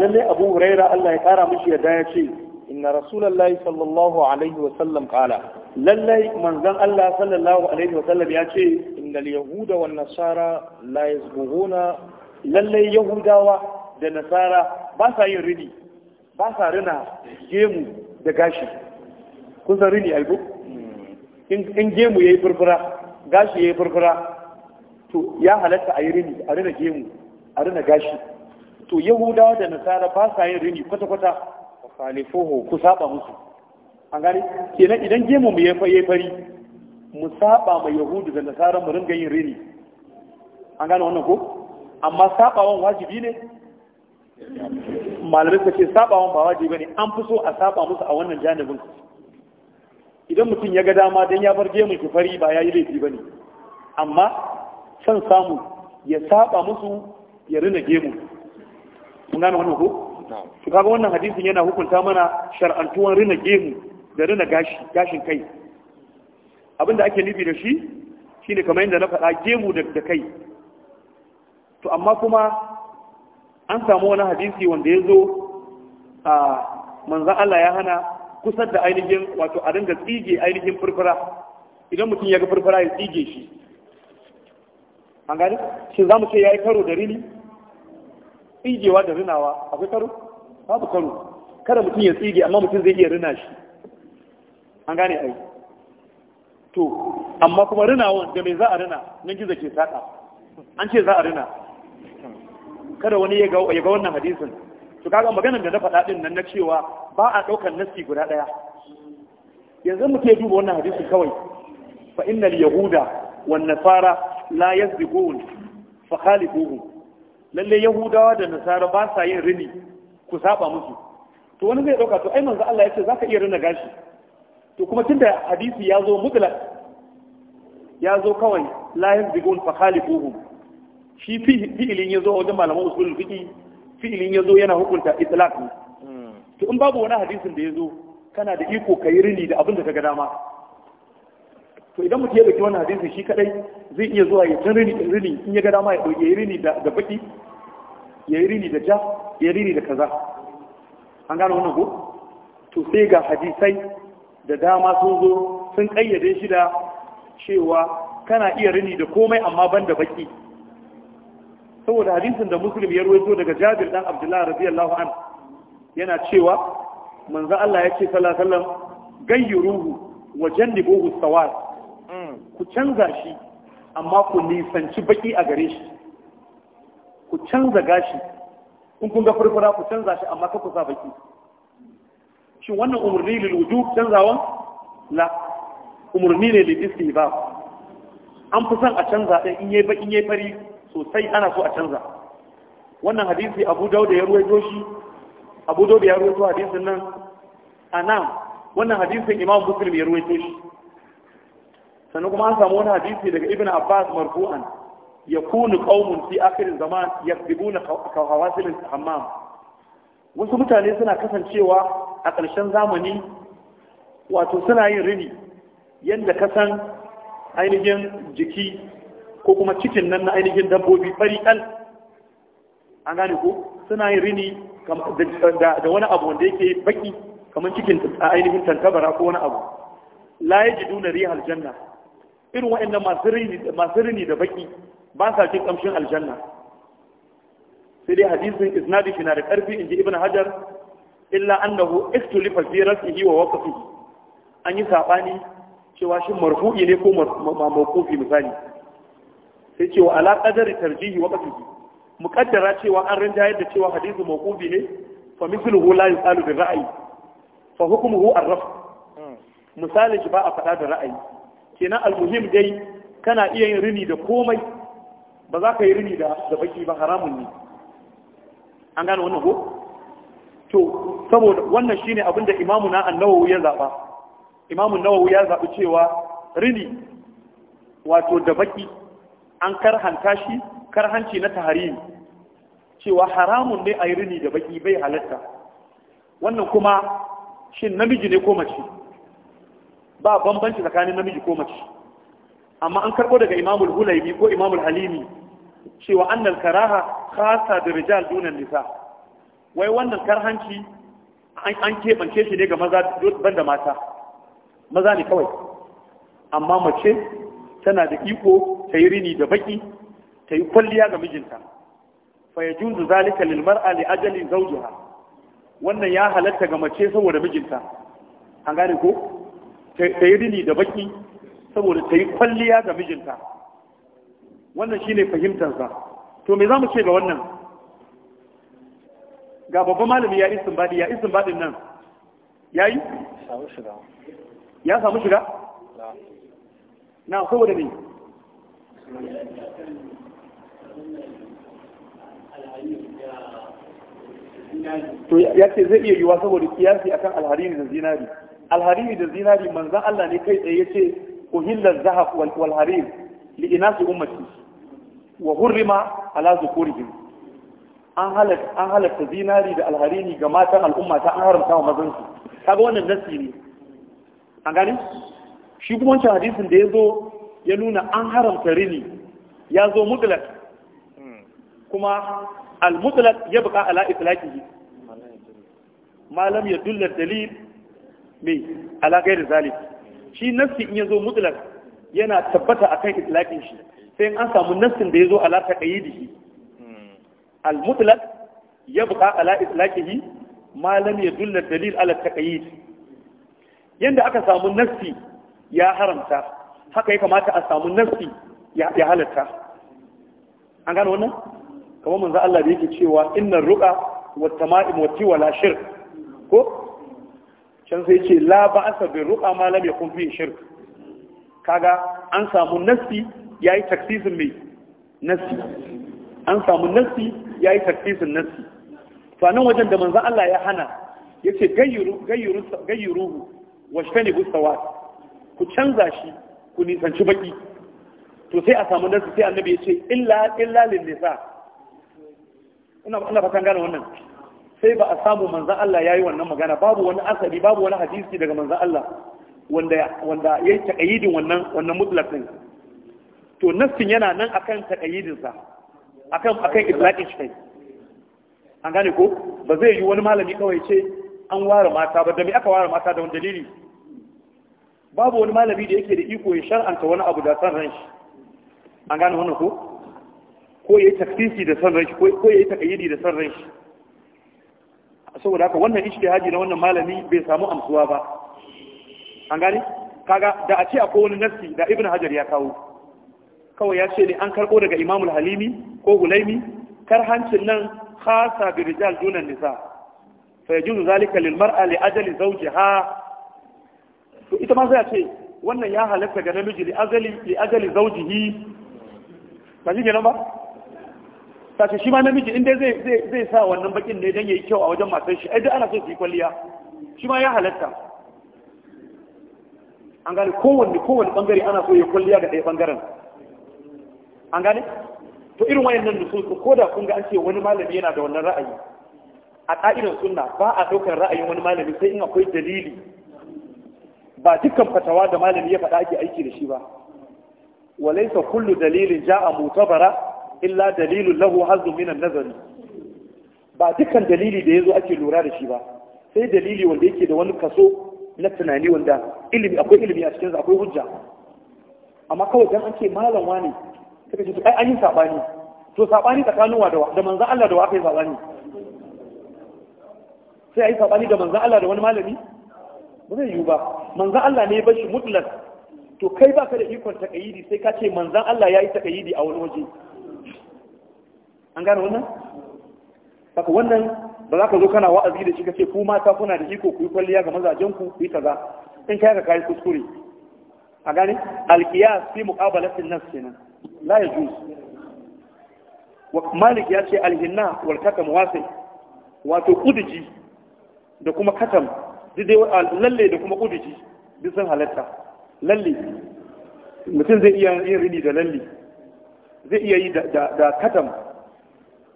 للي أبو هريرة الله يقارى مشي يدايا شيء inna rasulullahi sallallahu alaihi wasallam kala lallai manzon Allah sallallahu alaihi wasallam ya ce innal yahuda wan nasara la yazbughuna lallai yahudawa da nasara ba sa yin rini ba sa rina gemu da gashi kun san rini aibu in gemu gashi to ya halatta a yi rini a rina gemu a rina gashi to yahudawa da nasara ba sa yin rini kwata-kwata khalifuhu ku saba musu an gani kenan idan gemu mu ya faye fari mu saba mai yahudu da nasarar mu ringa yin rini an gani wannan ko amma sabawan wajibi ne malamai suka ce sabawan ba wajibi ne an fi so a saba musu a wannan janibin idan mutum ya ga dama don ya bar gemun ki fari ba ya yi laifi ba ne amma son samu ya saba musu ya rina gemu kun gane wannan ko to kaga wannan hadisin yana hukunta mana shar'antuwan rina gehu da rina gashi gashin kai abinda ake nufi da shi shine kamar yadda na faɗa gemu da kai to amma kuma an samu wani hadisi wanda ya zo a manzan Allah ya hana kusar da ainihin wato a dinga tsige ainihin furfura idan mutum ya ga furfura ya tsige shi an gani shin za mu ce ya yi karo da rini tsigewa da rinawa akwai karo babu karo kada mutum ya tsige amma mutum zai iya rina shi an gane ai to amma kuma rinawan da mai za a rina nan gizo ke saka an ce za a rina kada wani ya ga wannan hadisin to kaga maganar da na faɗa din nan na cewa ba a ɗaukar nasi guda ɗaya yanzu mu ke duba wannan hadisin kawai fa innal yahuda wan nasara la yazdiqun fa khalifuhum lalle yahudawa da nasara ba sa yin rini ku saba musu to wani zai dauka to ai manzo Allah ya ce zaka iya rina gashi to kuma tunda hadisi ya zo mutlaq kawai la yazbigun fa khalifuhu shi fi'ilin yazo zo wajen malaman usulul fiqi fi'ilin yazo yana hukunta itlaq hmm. to in babu wani hadisin da ya zo kana da iko kai rini da abin da kaga dama to idan mutum ya dauki wannan hadisi shi kadai zai iya zuwa ya tun rini rini in ya ga dama ya dauki rini da baki ya yi rini da ja ya rini da kaza an gano wannan ko to sai ga hadisai da dama sun zo sun kayyade shi da cewa kana iya rini da komai amma ban da baki saboda hadisin da muslim ya ruwaito daga jabir dan abdullahi radiyallahu an yana cewa manzo Allah ya ce sallallahu alaihi wasallam gayyuruhu wa jannibuhu sawat ku canza shi amma ku nisanci baki a gare shi ku canza gashi in kun ga furfura ku canza shi amma ku sa baki shin wannan umarni lil wujub canzawa la umarni ne lil istihbab an fi son a canza ɗin in yayi baki yayi fari sosai ana so a canza wannan hadisi Abu Dawud ya ruwaito shi Abu Dawud ya ruwaito hadisin nan anan wannan hadisin Imam Muslim ya ruwaito shi sannan kuma an samu wani hadisi daga ibn abbas marfu'an yakunu qaumun fi akhir zaman yakdibuna ka hawasil hammam wasu mutane suna kasancewa a ƙarshen zamani wato suna yin rini yadda ka san ainihin jiki ko kuma cikin nan na ainihin dabbobi fari ɗan. an gane ko suna yin rini da wani abu wanda yake baki kamar cikin ainihin tantabara ko wani abu la ya ji duna janna irin waɗannan masu rini da baki ba sa cin kamshin aljanna sai dai hadisun isnadi shi na da ƙarfi inji ibn hajar illa annahu ikhtulifa fi rasihi wa waqfihi an yi sabani cewa shi marfu'i ne ko mawqufi misali sai cewa ala qadari tarjihi wa qasdihi muqaddara cewa an rinjayar da cewa hadisi mawqufi ne fa mithluhu la yusalu bi ra'yi fa hukmuhu ar-raf hmm. misali shi ba a faɗa da ra'ayi kenan almuhim dai kana iya yin rini da komai ba za ka yi rini da baki ba haramun ne an gane wannan ko to saboda wannan shine abin da imamu na annawawi ya zaba imamu nawawi ya zabi cewa rini wato da baki an karhanta shi karhanci na taharimi cewa haramun ne a yi rini da baki bai halatta wannan kuma shin namiji ne ko mace ba bambanci tsakanin namiji ko mace amma an karbo daga imamul hulaibi ko imamul halimi cewa annal karaha khasa da rijal dunan nisa wai wannan karhanci an keɓance shi ne ga maza ban mata maza ne kawai amma mace tana da iko ta yi rini da baki ta yi kwalliya ga mijinta fa ya junzu zalika lil mar'a li ajalin zawjiha wannan ya halatta ga mace saboda mijinta an gane ko ta yi rini da baki saboda ta yi kwalliya ga mijinta wannan shi ne fahimtarsa to me za mu ce ga wannan ga babban malami ya isin baɗi ya isin baɗin nan ya yi? ya samu shiga? na saboda ne to ya ce zai iya yiwa saboda kiyasi akan alhari da zinari alhariri da zinari manzan Allah ne kai tsaye yace uhillar zahab wal harir li inasi ummati wa hurrima ala zukurihim an halatta an halatta zinari da alharini ga matan al'umma ta an haramta wa mazan su kaga wannan nasi ne an gani shi kuma wancan hadisin da ya zo ya nuna an haramta rini ya zo mutlak kuma al-mutlak ya buƙa ala itlaqihi malam ya dulla dalil mai alaƙai da zali shi nassi in ya zo mutlak yana tabbata akan itlaƙin shi sai in an samu nassin da ya zo alaƙa ɗaya da shi al-mutlak ya buƙa ala shi ma lam ya dulla dalil ala taƙayyid yanda aka samu nassi ya haramta haka ya kamata a samu nassi ya halatta an gano wannan kamar manzo Allah da yake cewa innar ruqa wa tama'im wa tiwala shirk ko can sai ce la ba asa bi ruka ma lam yakun fi shirk kaga an samu nasi yi taksisin mai nasi an samu nasi yi taksisin nasi to nan wajen da manzan Allah ya hana yace wa shi gayyuruhu washtani busawat ku canza shi ku nisanci baki to sai a samu nasi sai annabi ya ce illa illa nisa ina ina fatan gane wannan sai ba a samu manzan Allah ya yi wannan magana babu wani asali babu wani hadisi daga manzan Allah wanda ya yi taƙayidin wannan mutlak ɗin to nassin yana nan akan taƙayidinsa akan akan idlaƙin shi kai an gane ko ba zai yi wani malami kawai ce an ware mata ba da me aka ware mata da wani dalili babu wani malami da yake da iko ya shar'anta wani abu da san ranshi an gane wannan ko ko ya yi tafsiri da san ranshi ko ya yi taƙayidi da san ranshi saboda haka wannan haji na wannan malami bai samu amsuwa ba an gani kaga da a ce akwai wani nassi da ibn hajar ya kawo kawai ya ce ne an karɓo daga imamul halimi ko gulaimi kar hancin nan khasa bi rijal dunan nisa fa yajuzu zalika lil mar'a li ajali zawjiha to ita ma sai ce wannan ya halatta ga namiji li ajali li ajali zawjihi ba ji ne ba sace shi ma namiji inda zai zai sa wannan bakin ne don ya yi kyau a wajen matan shi ai duk ana so su yi kwalliya shi ma ya halatta an gane kowanne kowanne bangare ana so ya kwalliya ga ɗaya bangaren an gane to irin wayannan su ko da kun ga an ce wani malami yana da wannan ra'ayi a ƙa'idar sunna ba a ɗaukar ra'ayin wani malami sai in akwai dalili ba dukkan fatawa da malami ya faɗa ake aiki da shi ba walaisa kullu dalilin ja'a mutabara illa dalilun lahu hazzun minan nazari ba dukkan dalili da yazo ake lura da shi ba sai dalili wanda yake da wani kaso na tunani wanda ilimi akwai ilimi a cikin akwai hujja amma kawai dan an ce malam wani kaga ji ai an yi sabani to sabani tsakanin wa da manzon Allah da wa kai sabani sai ai sabani da manzon Allah da wani malami ba zai yiwu ba manzon Allah ne ya bashi mutlak to kai baka da ikon takayidi sai ka ce manzon Allah ya yi takayidi a wani waje an gane wannan saka wannan ba za ka zo kana wa'azi da shi ka ce ku mata kuna da iko ku yi kwalliya ga mazajen ku ku yi kaza in kai ka kai kuskure a gane alqiyas fi muqabalatin nafs kenan la yajuz wa malik ya ce alhinna wal katam wasi wato kudiji da kuma katam dai lalle da kuma kudiji duk sun halatta lalle mutum zai iya yin rini da lalle zai iya yi da katam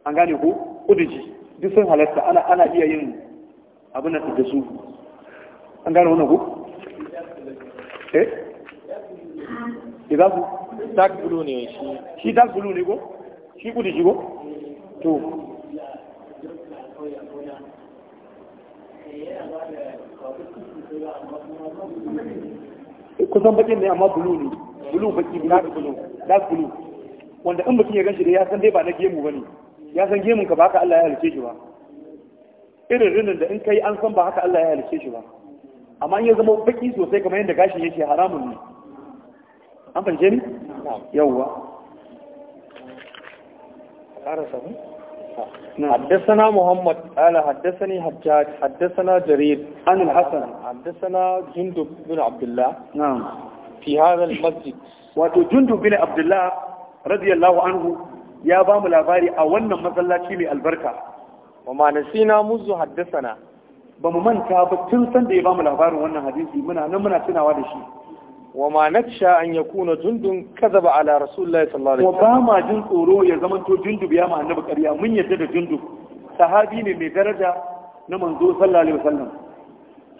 an gane ko kudiji duk sun halatta ana ana iya yin abin da su an gane wannan ko eh idan eh, ku tak bulu ne shi shi tak bulu ne ko shi kudiji ko to eh, kusan bakin ne amma bulu ne bulu baki bulu bulu wanda in mutum ya gan shi da ya san dai ba na gemu ba ne ya san gemun ka ba haka Allah ya halice shi ba irin rinin da in kai an san ba haka Allah ya halice shi ba amma in ya zama baki sosai kamar yadda gashin yake haramun ne an fahimce ni yawwa حدثنا محمد قال حدثني حجاج حدثنا جرير عن الحسن حدثنا جندب بن عبد الله نعم في هذا المسجد وجندب بن عبد الله رضي الله عنه ya ba mu labari a wannan masallaci mai albarka wa ma nasina muzu haddasana ba mu manta ba tun san da ya ba mu labarin wannan hadisi muna nan muna tunawa da shi wa ma naksha an yakuna jundun kadhaba ala rasulillahi sallallahu alaihi wasallam wa ba ma jin tsoro ya zamanto jundub ya ma annabi ƙarya mun yadda da jundub sahabi ne mai daraja na manzo sallallahu alaihi wasallam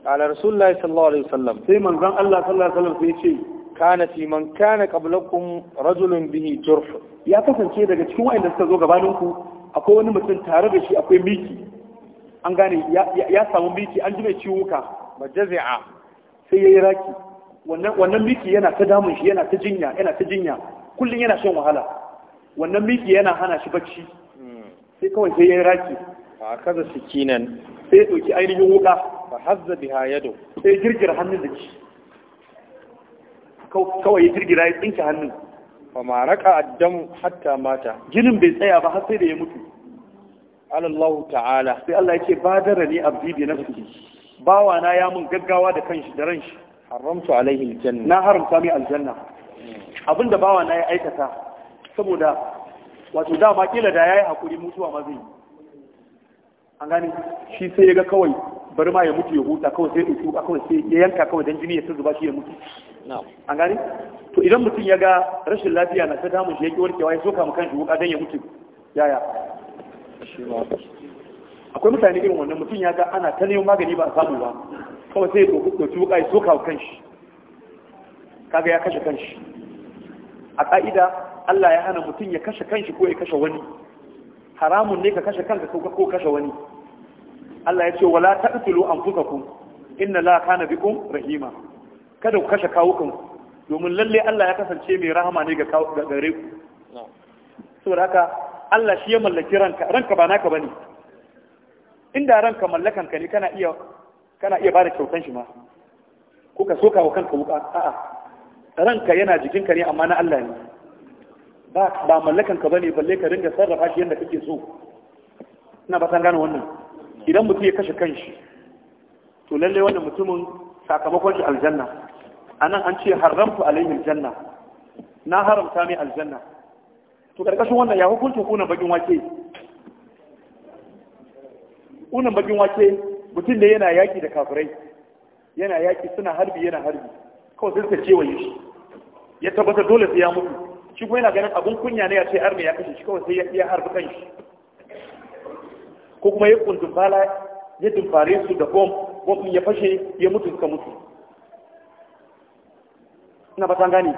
ala rasulillahi sallallahu alaihi wasallam sai manzon Allah sallallahu alaihi wasallam sai ya ce kana fi man kana qablakum rajulun bihi turf ya kasance daga cikin wanda suka zo gabanin ku akwai wani mutum tare da shi akwai miki an gane ya samu miki an ji mai ciwuka majazi'a sai yayi raki wannan wannan miki yana ta damun shi yana ta jinya yana ta jinya kullun yana shan wahala wannan miki yana hana shi bacci sai kawai sai yayi raki fa kaza sikinan sai ya ainihin wuka fa hazza biha yadu sai girgira hannun da shi kawai ya jirgira ya tsinke hannun ma raka addamu hatta mata Ginin bai tsaya ba har sai da ya mutu alallahu ta'ala sai Allah yake dara ne abdi bi nafsi bawa na ya mun gaggawa da kanshi da ranshi haramtu alaihi aljanna na haramta mai aljanna abinda bawa na ya aikata saboda wato dama kila da yayi hakuri mutuwa ma zai an gani shi sai ya ga kawai bari ma ya mutu ya huta kawai sai in tuba kawai sai ya yanka kawai dan jini ya zuba shi ya mutu an gane to idan mutum ya ga rashin lafiya na ta damun shi ya ki warkewa ya soka kan shi wuka dan ya mutu yaya akwai mutane irin wannan mutum ya ga ana ta neman magani ba a samu ba kawai sai ya ɗauki wuka ya soka kan shi kaga ya kashe kan shi a ƙa'ida Allah ya hana mutum ya kashe kan shi ko ya kashe wani haramun ne ka kashe kanka ko kashe wani Allah ya ce wala taqtulu anfusakum inna la kana bikum rahima kada ku kashe kawukan domin lalle Allah ya kasance mai rahama ne ga gare ku saboda haka Allah shi ya mallaki ranka ranka ba naka bane inda ranka mallakan ka ne kana iya kana iya bada kyautan shi ma Kuka ka soka wa kanka wuka a'a ranka yana jikinka ne amma na Allah ne ba ba mallakan ka bane balle ka dinga sarrafa shi yadda kake so ina ba san gane wannan idan mutum ya kashe kanshi to lalle wannan mutumin sakamakon shi aljanna anan an ce haramtu alaihi aljanna na haramta mai aljanna to karkashin wannan ya hukunta kunan bakin wake kunan bakin wake mutum da yana yaki da kafirai yana yaki suna harbi yana harbi kawai sai ce wani shi ya tabbata dole sai ya mutu shi kuma yana ganin abun kunya ne ya ce arme ya kashe shi kawai sai ya harbi kanshi ko kuma ya kundufala ya dumfare su da bom bom ya fashe ya mutu suka mutu ina ba gani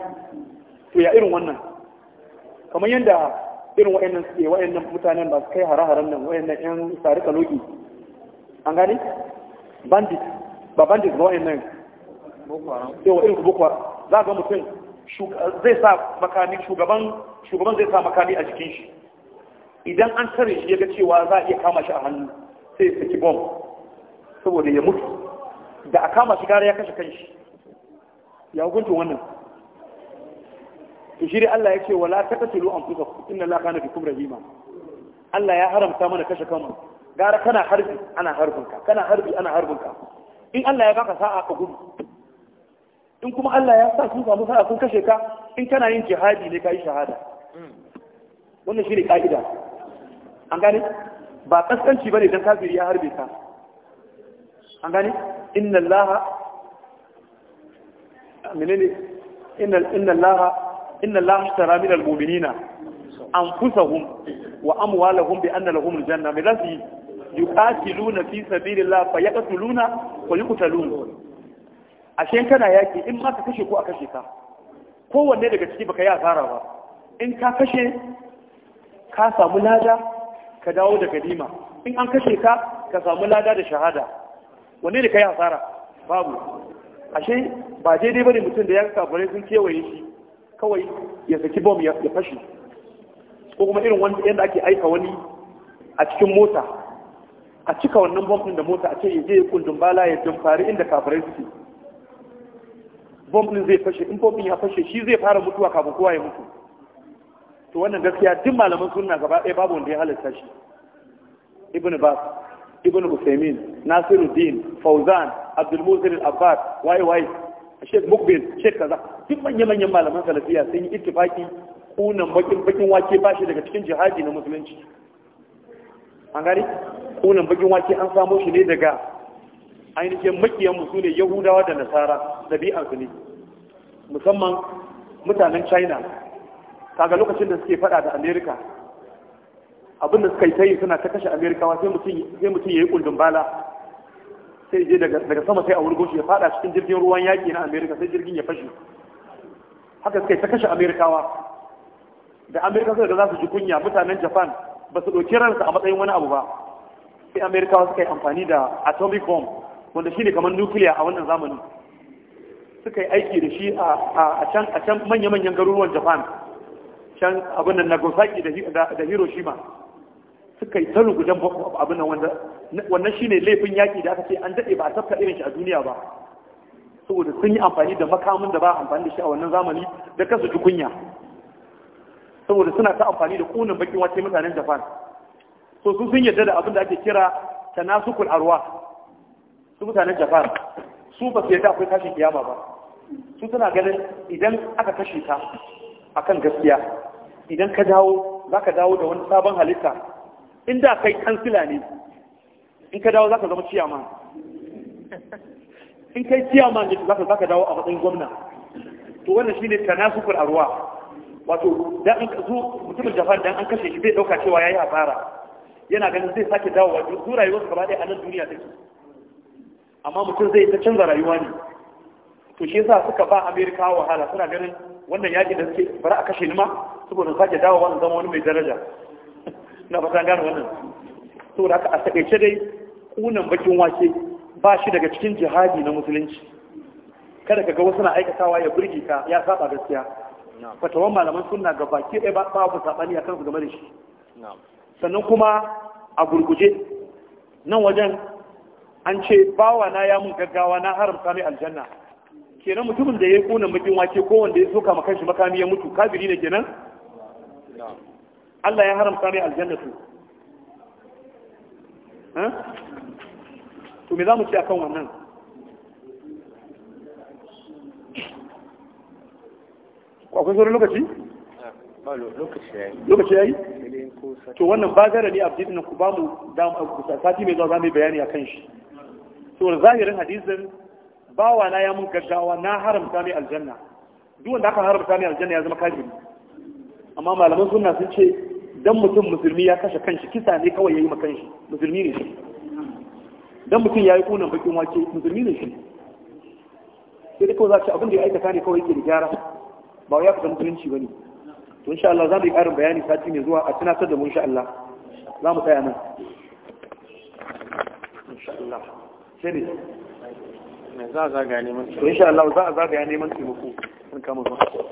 to ya irin wannan kamar yadda irin wa'annan suke wa'annan mutanen ba su kai hare-haren nan wa'annan yan tsari kaloki an gani bandit ba bandit ba wa'annan yawa irin kubukwa za ga mutum zai sa makami shugaban zai sa makami a jikin shi idan an tare shi ya ga cewa za a iya kama shi a hannu sai ya saki bom saboda ya mutu da a kama shi gara ya kashe kanshi ya hukuncin wannan to shi Allah ya ce wala taqtulu kusa inna laka kana bikum rahima Allah ya haramta mana kashe kanmu gara kana harbi ana harbinka kana harbi ana harbinka in Allah ya baka sa'a ka gudu in kuma Allah ya sa sun samu sa'a sun kashe ka in kana yin jihadi ne ka yi shahada hmm. wannan shi ne ka'ida an gane ba kaskanci bane dan kafiri ya harbe ka an gane inna allaha menene inna inna allaha inna allaha ishtara min almu'minina anfusahum wa amwalahum bi anna lahum aljanna me zasu yuqatiluna fi sabilillah fa yaqtuluna wa yuqtalun ashe kana yaki in ma ka kashe ko a kashe ka kowanne daga ciki baka yi asara ba in ka kashe ka samu lada ka dawo da kadima in an kashe ka ka samu lada da shahada Wani ne ka yi hasara babu ashe ba daidai bane mutum da ya kafare sun kewaye shi kawai ya saki bom ya fashe ko kuma irin wanda yadda ake aika wani a cikin mota a cika wannan bom din da mota a ce ya je ya kundin bala ya dumfari inda su suke bom din zai fashe in bom din ya fashe shi zai fara mutuwa kafin kowa ya mutu to wannan gaskiya duk malaman sunna gaba ɗaya babu wanda ya halatta shi ibn bas ibn usaimin nasiruddin fauzan abdul muzir al-abbas wai wai sheikh mukbil sheikh kaza duk manya-manyan malaman salafiya sun yi ittifaki kunan bakin bakin wake ba daga cikin jihadi na musulunci an gari kunan bakin wake an samo shi ne daga ainihin makiyan musu ne yahudawa da nasara su ne musamman mutanen china kaga lokacin da suke fada da amerika abin da suka yi tayi suna ta kashe amerikawa sai mutum ya yi kuldun bala sai je daga sama sai a wurgo shi ya fada cikin jirgin ruwan yaƙi na amerika sai jirgin ya fashe haka suka yi ta kashe amerikawa da amerika sai da za su ji kunya mutanen japan ba su ɗauki ransa a matsayin wani abu ba sai amerikawa suka yi amfani da atomic bomb wanda shine kamar nukiliya a wannan zamanin suka yi aiki da shi a can manya-manyan garuruwan japan can abin nan nagasaki da hiroshima suka yi ta gudan abin nan wanda wannan ne laifin yaƙi da aka ce an daɗe ba a tafka irin shi a duniya ba saboda sun yi amfani da makamin da ba amfani da shi a wannan zamani da kansu ji kunya saboda suna ta amfani da ƙunin bakin wace mutanen japan so su sun yarda da abin da ake kira ta nasu arwa su mutanen japan su ba su yarda akwai tashin kiyama ba su suna ganin idan aka kashe ta akan gaskiya idan ka dawo za ka dawo da wani sabon halitta in da kai kansila ne in ka dawo za ka zama ciyama in kai ciyama ne za ka dawo a matsayin gwamna to wannan shi ne a ruwa wato da an zo mutumin Jafan dan an kashe shi zai dauka cewa yayi hasara yana ganin zai sake dawo wato zu rayuwar gaba ɗaya a nan duniya take amma mutum zai ta canza rayuwa ne to shi yasa suka ba amerika wahala suna ganin wannan yaki da suke bari a kashe ni ma saboda sake dawo wannan zama wani mai daraja [laughs] na ta gane wannan saboda haka a takaice dai kunan bakin wake ba shi daga cikin jihadi na musulunci kada ka ga wasu na aikatawa ya burge ka ya saba gaskiya fatawan malaman sunna ga baki ɗaya ba babu sabani a kansu game da shi sannan kuma a gurguje nan wajen an ce bawana ya mun gaggawa na haramta mai aljanna kenan mutumin da ya yi kunan wace ko wanda ya soka makanshi makami ya mutu kafiri ne kenan Allah ya haramta mai aljanna su to me za mu ci akan wannan akwai sauran lokaci? lokaci ya yi? to wannan ba gara ne abdi ku ba mu sati mai zuwa za mu bayani a shi to zahirin hadisin bawa na ya mun gaggawa na haramta mai aljanna duk wanda aka haramta mai aljanna ya zama kafiri amma malaman sunna sun ce dan mutum musulmi ya kashe kanshi kisa ne kawai yayi ma kanshi musulmi ne shi dan mutum yayi kunan bakin wake musulmi ne shi sai dai kawai za ce abin da ya aikata ne kawai yake da gyara ba ya fita musulunci bane to insha Allah za mu yi karin bayani sati mai zuwa a tunatar da mu insha Allah za mu tsaya nan insha Allah sai ne za a zagaya neman taimako insha Allah za a zagaya neman taimako sun kama zuwa